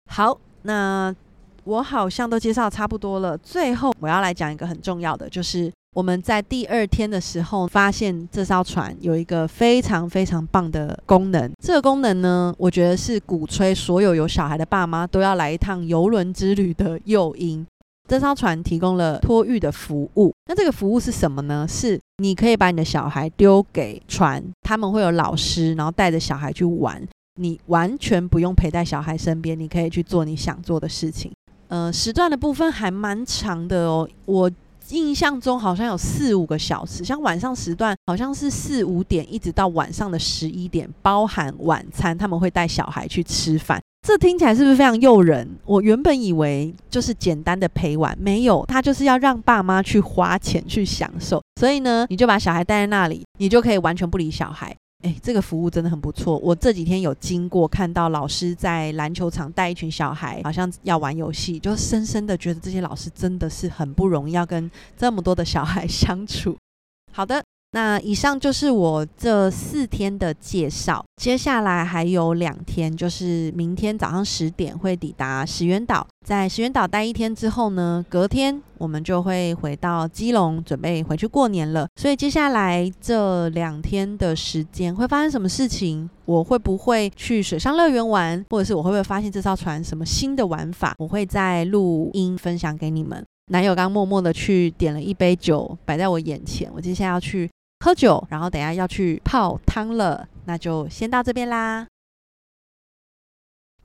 Speaker 1: 好，那。我好像都介紹差不多了。最後，我要來講一個很重要的，就是我們在第二天的時候，發現這艘船有一個非常非常棒的功能。這個功能呢，我覺得是鼓吹所有有小孩的爸媽都要來一趟遊輪之旅的誘因。這艘船提供了托育的服務。那這個服務是什麼呢？是你可以把你的小孩丟給船，他們會有老師，然後帶着小孩去玩。你完全不用陪在小孩身邊，你可以去做你想做的事情。呃，時段的部分還蠻長的哦。我印象中好像有四五個小時，像晚上時段好像是四五點一直到晚上的十一點，包含晚餐，他們會帶小孩去吃飯。這聽起來是不是非常誘人？我原本以為就是簡單的陪玩，沒有，他就是要讓爸媽去花錢去享受。所以呢，你就把小孩帶在那裡，你就可以完全不理小孩。哎、欸，這個服務真的很不錯。我這幾天有經過，看到老師在籃球場帶一群小孩，好像要玩遊戲，就深深的覺得這些老師真的是很不容易，要跟這麼多的小孩相處。好的。那以上就是我這四天的介紹，接下來還有兩天，就是明天早上十點會抵達石垣島，在石垣島待一天之後呢，隔天我們就會回到基隆，準備回去過年了。所以接下來這兩天的時間會發生什麼事情，我會不會去水上樂園玩，或者是我會不會發現這艘船什麼新的玩法，我會再錄音分享給你們。男友剛默默的去點了一杯酒，擺在我眼前，我接下來要去。喝酒，然後等下要去泡湯了，那就先到這邊啦。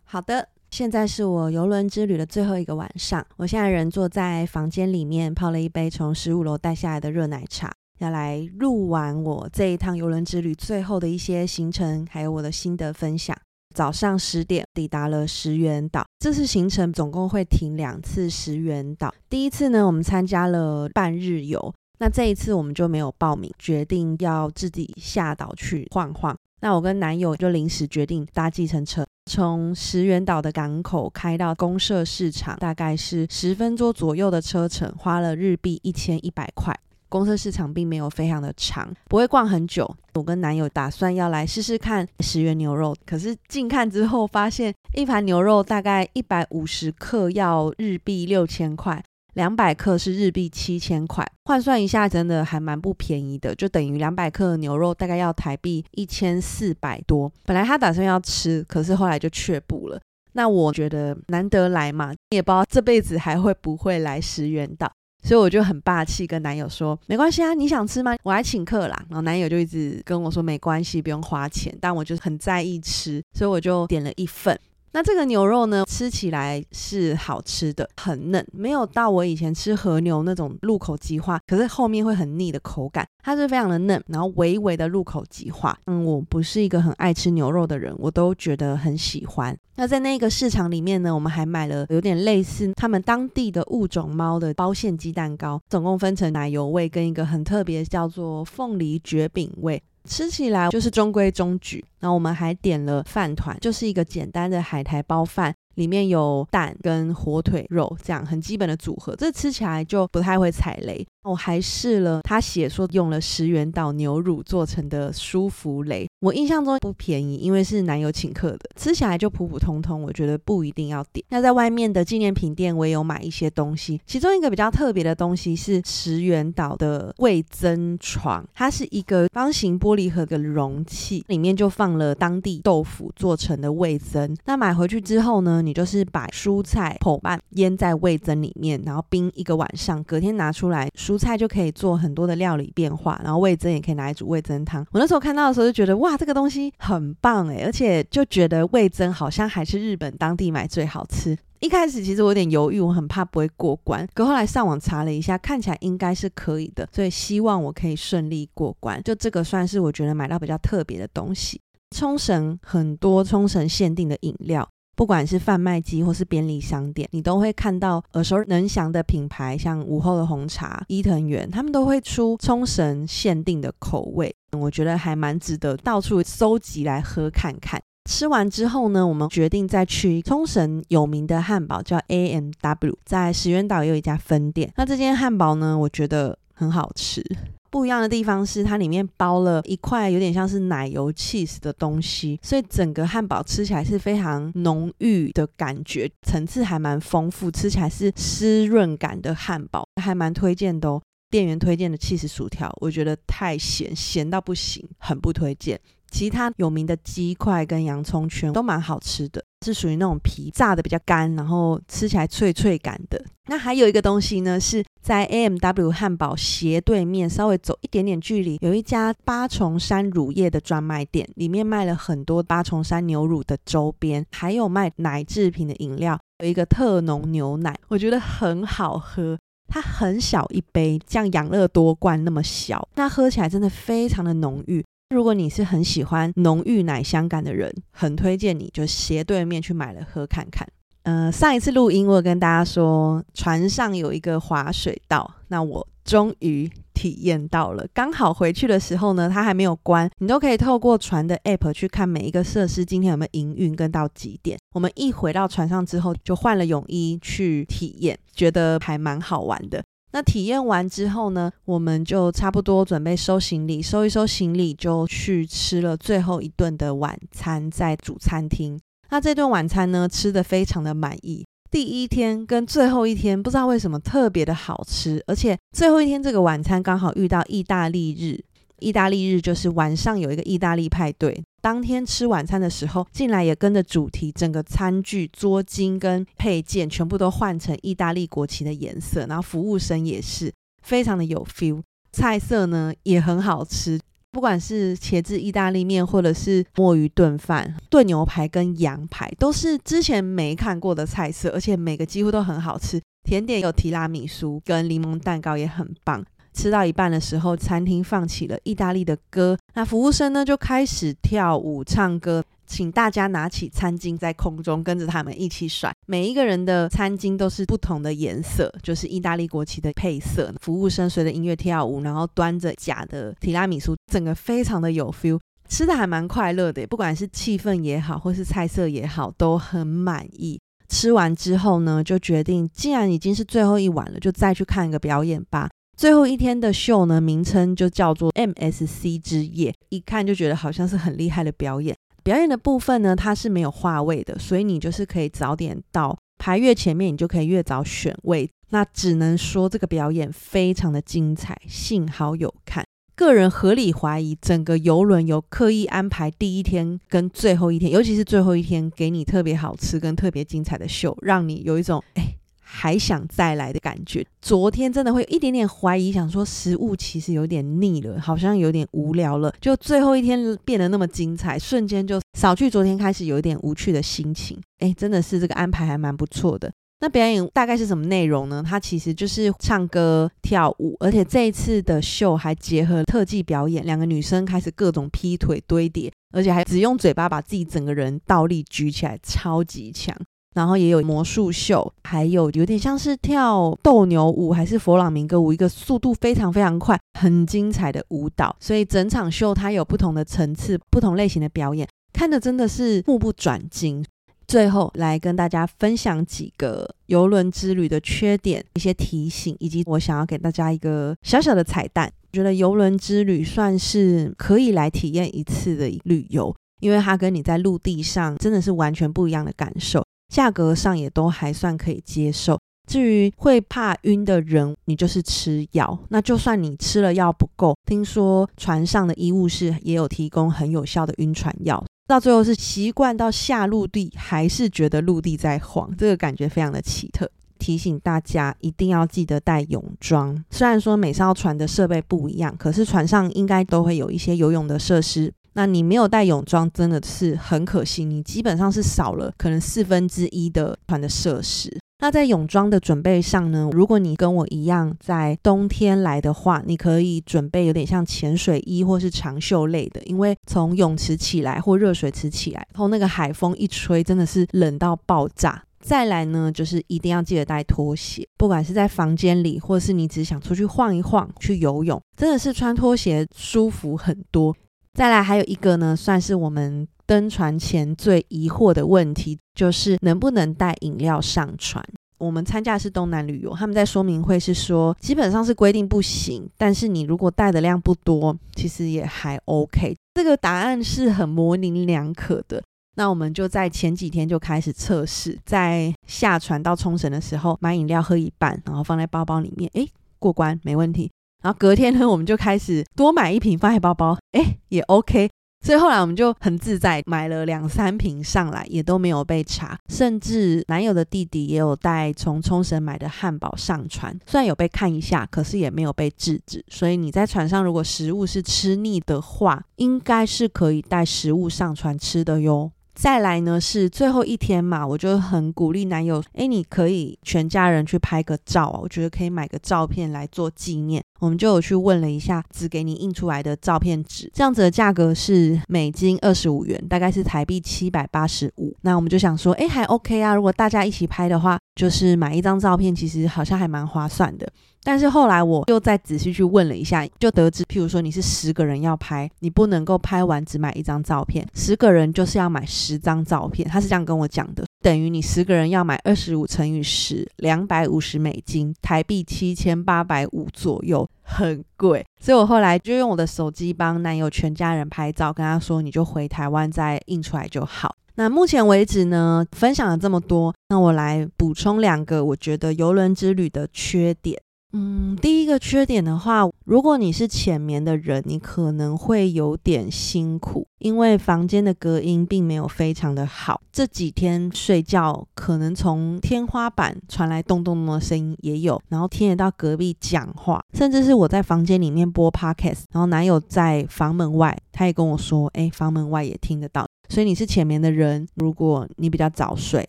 Speaker 1: 好的，現在是我遊輪之旅的最後一個晚上，我現在人坐在房間裡面，泡了一杯從十五樓帶下來的熱奶茶，要來錄完我這一趟遊輪之旅最後的一些行程，還有我的心得分享。早上十點抵達了石垣島，這次行程總共會停兩次石垣島，第一次呢，我們參加了半日遊。那這一次我們就沒有報名，決定要自己下島去晃晃。那我跟男友就臨時決定搭計程車，從石垣島的港口開到公社市場，大概是十分鐘左右的車程，花了日幣一千一百塊。公社市場並沒有非常的長，不會逛很久。我跟男友打算要來試試看石垣牛肉，可是近看之後發現，一盤牛肉大概一百五十克要日幣六千塊。兩百克是日幣七千塊，換算一下，真的還蠻不便宜的，就等於兩百克的牛肉大概要台幣一千四百多。本來他打算要吃，可是後來就卻步了。那我覺得難得來嘛，也不知道這輩子還會不會來石垣島，所以我就很霸氣跟男友說，沒關係啊，你想吃嗎？我來請客啦。然後男友就一直跟我說沒關係，不用花錢，但我就很在意吃，所以我就點了一份。那這個牛肉呢，吃起來是好吃的，很嫩，沒有到我以前吃和牛那種入口即化，可是後面會很膩的口感，它是非常的嫩，然後微微的入口即化。嗯，我不是一個很愛吃牛肉的人，我都覺得很喜歡。那在那個市場裡面呢，我們還買了有點類似他們當地的物種貓的包餡雞蛋糕，總共分成奶油味跟一個很特別叫做鳳梨蕨餅味。吃起來就是中規中矩，然後我們還點了飯糰，就是一個簡單的海苔包飯，裡面有蛋跟火腿肉這樣很基本的組合，這吃起來就不太會踩雷。我、哦，還試了他寫說用了石垣島牛乳做成的舒芙蕾，我印象中不便宜，因為是男友請客的，吃起來就普普通通，我覺得不一定要點。那在外面的紀念品店，我也有買一些東西，其中一個比較特別的東西是石垣島的味噌床，它是一個方形玻璃盒的容器，裡面就放了當地豆腐做成的味噌。那買回去之後呢，你就是把蔬菜泡拌醃在味噌裡面，然後冰一個晚上，隔天拿出來蔬菜就可以做很多的料理變化，然後味噌也可以拿來煮味噌湯。我那時候看到的時候就覺得，哇，這個東西很棒誒，而且就覺得味噌好像還是日本當地買最好吃。一開始其實我有點猶豫，我很怕不會過關，可後來上網查了一下，看起來應該是可以的，所以希望我可以順利過關。就這個算是我覺得買到比較特別的東西。沖繩很多沖繩限定的飲料。不管是販賣機或是便利商店，你都會看到耳熟能詳的品牌，像午後的紅茶、伊藤園，他們都會出沖繩限定的口味，我覺得還蠻值得到處蒐集來喝看看。吃完之後呢，我們決定再去沖繩有名的漢堡，叫 AMW，在石垣島有一家分店。那這間漢堡呢，我覺得很好吃。不一樣的地方是，它裡面包了一塊有點像是奶油起司的東西，所以整個漢堡吃起來是非常濃郁的感覺，層次還蠻豐富，吃起來是濕潤感的漢堡，還蠻推薦的哦。店員推薦的起司薯條，我覺得太鹹，鹹到不行，很不推薦。其他有名的雞塊跟洋蔥圈都蠻好吃的，是屬於那種皮炸得比較乾，然後吃起來脆脆感的。那還有一個東西呢，是在 AMW 漢堡斜對面，稍微走一點點距離，有一家八重山乳業的專賣店，裡面賣了很多八重山牛乳的周邊，還有賣奶製品的飲料，有一個特濃牛奶，我覺得很好喝，它很小一杯，像養樂多罐那麼小，那喝起來真的非常的濃郁。如果你是很喜歡濃郁奶香感的人，很推薦你就斜對面去買了喝看看。呃，上一次錄音我有跟大家說，船上有一個滑水道，那我終於體驗到了。剛好回去的時候呢，它還沒有關，你都可以透過船的 APP 去看每一個設施今天有沒有營運跟到幾點。我們一回到船上之後，就換了泳衣去體驗，覺得還蠻好玩的。那體驗完之後呢，我們就差不多準備收行李，收一收行李就去吃了最後一頓的晚餐，在主餐廳。那這頓晚餐呢，吃得非常的滿意。第一天跟最後一天不知道為什麼特別的好吃，而且最後一天這個晚餐剛好遇到意大利日，意大利日就是晚上有一個意大利派對。當天吃晚餐的時候，進來也跟着主題，整個餐具、桌巾跟配件全部都換成意大利國旗的顏色，然後服務生也是非常的有 feel。菜色呢也很好吃，不管是茄子意大利麵，或者是墨魚燉飯、燉牛排跟羊排，都是之前沒看過的菜色，而且每個幾乎都很好吃。甜點有提拉米蘇跟檸檬蛋糕，也很棒。吃到一半的時候，餐廳放起了意大利的歌，那服務生呢就開始跳舞唱歌，請大家拿起餐巾在空中跟着他們一起甩。每一個人的餐巾都是不同的顏色，就是意大利國旗的配色。服務生隨着音樂跳舞，然後端着假的提拉米蘇，整個非常的有 feel，吃得還蠻快樂的。不管是氣氛也好，或是菜色也好，都很滿意。吃完之後呢，就決定既然已經是最後一晚了，就再去看一個表演吧。最後一天的秀呢，名稱就叫做 MSC 之夜，一看就覺得好像是很厲害的表演。表演的部分呢，它是沒有劃位的，所以你就是可以早點到，排越前面你就可以越早選位。那只能說這個表演非常的精彩，幸好有看。個人合理懷疑，整個遊輪有刻意安排第一天跟最後一天，尤其是最後一天給你特別好吃跟特別精彩的秀，讓你有一種哎。欸還想再來的感覺。昨天真的會有一點點懷疑，想說食物其實有點膩了，好像有點無聊了。就最後一天變得那麼精彩，瞬間就掃去昨天開始有一點無趣的心情。哎，真的是這個安排還蠻不錯的。那表演大概是什麼內容呢？它其實就是唱歌跳舞，而且這一次的秀還結合特技表演。兩個女生開始各種劈腿堆疊，而且還只用嘴巴把自己整個人倒立舉起來，超級強。然後也有魔術秀，還有有點像是跳鬥牛舞還是佛朗明哥舞，一個速度非常非常快、很精彩的舞蹈。所以整場秀它有不同的層次、不同類型的表演，看得真的是目不轉睛。最後來跟大家分享幾個郵輪之旅的缺點、一些提醒，以及我想要給大家一個小小的彩蛋。我覺得郵輪之旅算是可以來體驗一次的旅遊，因為它跟你在陸地上真的是完全不一樣的感受。價格上也都還算可以接受。至於會怕暈的人，你就是吃藥。那就算你吃了藥不夠，聽說船上的醫務室也有提供很有效的暈船藥。到最後是習慣到下陸地，還是覺得陸地在晃，這個感覺非常的奇特。提醒大家一定要記得帶泳裝。雖然說每艘船的設備不一樣，可是船上應該都會有一些游泳的設施。那你沒有帶泳裝真的是很可惜，你基本上是少了可能四分之一的船的設施。那在泳裝的準備上呢，如果你跟我一樣在冬天來的話，你可以準備有點像潛水衣或是長袖類的，因為從泳池起來或熱水池起來，然後那個海風一吹，真的是冷到爆炸。再來呢，就是一定要記得帶拖鞋，不管是在房間裡，或是你只想出去晃一晃去游泳，真的是穿拖鞋舒服很多。再來還有一個呢，算是我們登船前，最疑惑的問題，就是能不能帶飲料上船？我們參加的是東南旅遊，他們在說明會是說，基本上是規定不行，但是你如果帶的量不多，其實也還 OK。這個答案是很模棱兩可的。那我們就在前幾天就開始測試，在下船到沖繩的時候買飲料喝一半，然後放在包包裡面，誒，過關沒問題。然後隔天呢，我們就開始多買一瓶放在包包，哎、欸，也 OK。所以後來我們就很自在，買了兩三瓶上來，也都沒有被查。甚至男友的弟弟也有帶從沖繩買的漢堡上船，雖然有被看一下，可是也沒有被制止。所以你在船上如果食物是吃膩的話，應該是可以帶食物上船吃的喲。再來呢是最後一天嘛，我就很鼓勵男友，誒你可以全家人去拍個照啊，我覺得可以買個照片來做紀念。我們就有去問了一下，只給你印出來的照片紙，這樣子的價格是美金二十五元，大概是台幣七百八十五。那我們就想說，誒還 OK 啊，如果大家一起拍的話，就是買一張照片，其實好像還蠻划算的。但是後來我又再仔細去問了一下，就得知，譬如說你是十個人要拍，你不能夠拍完只買一張照片，十個人就是要買十張照片。他是這樣跟我講的，等於你十個人要買二十五乘以十，兩百五十美金，台幣七千八百五左右，很貴。所以我後來就用我的手機幫男友全家人拍照，跟他說你就回台灣再印出來就好。那目前為止呢，分享了這麼多，那我來補充兩個我覺得郵輪之旅的缺點。嗯，第一個缺點的話，如果你是淺眠的人，你可能會有點辛苦，因為房間的隔音並沒有非常的好。這幾天睡覺可能從天花板傳來咚咚咚的聲音也有，然後聽得到隔壁講話，甚至是我在房間裡面播 podcast，然後男友在房門外，他也跟我說，哎、欸，房門外也聽得到。所以你是淺眠的人，如果你比較早睡，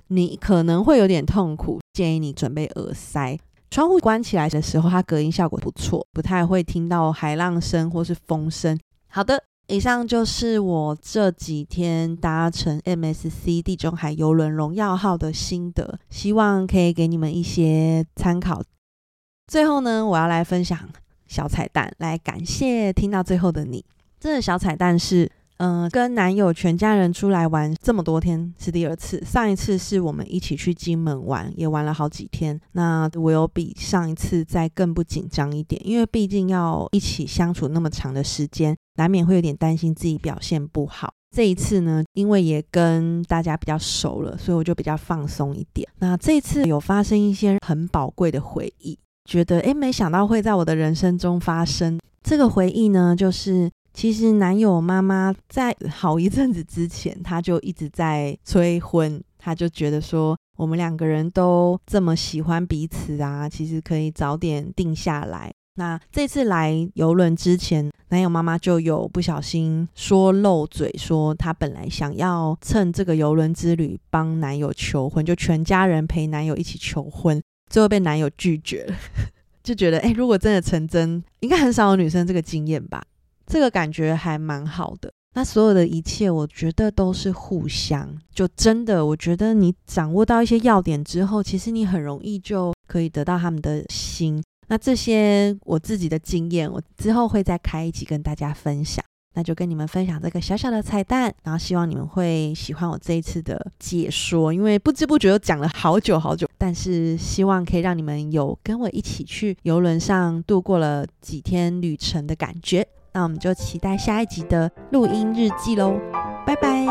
Speaker 1: 你可能會有點痛苦，建議你準備耳塞。窗戶關起來的時候，它隔音效果不錯，不太會聽到海浪聲或是風聲。好的，以上就是我這幾天搭乘 MSC 地中海郵輪“榮耀號”的心得，希望可以給你們一些參考。最後呢，我要來分享小彩蛋，來感謝聽到最後的你。這個小彩蛋是。嗯，跟男友全家人出來玩這麼多天是第二次，上一次是我們一起去金門玩，也玩了好幾天。那我有比上一次再更不緊張一點，因為畢竟要一起相處那麼長的時間，難免會有點擔心自己表現不好。這一次呢，因為也跟大家比較熟了，所以我就比較放鬆一點。那這一次有發生一些很寶貴的回憶，覺得誒，沒想到會在我的人生中發生。這個回憶呢，就是。其實男友媽媽在好一陣子之前，她就一直在催婚，她就覺得說我們兩個人都這麼喜歡彼此啊，其實可以早點定下來。那這次來遊輪之前，男友媽媽就有不小心說漏嘴說，說她本來想要趁這個遊輪之旅幫男友求婚，就全家人陪男友一起求婚，最後被男友拒絕了， 就覺得哎、欸，如果真的成真，應該很少有女生這個經驗吧。這個感覺還蠻好的。那所有的一切，我覺得都是互相。就真的，我覺得你掌握到一些要點之後，其實你很容易就可以得到他們的心。那這些我自己的經驗，我之後會再開一集跟大家分享。那就跟你們分享這個小小的彩蛋。然後希望你們會喜歡我這一次的解說，因為不知不覺又講了好久好久。但是希望可以讓你們有跟我一起去郵輪上度過了幾天旅程的感覺。那我們就期待下一集的錄音日記嘍，拜拜。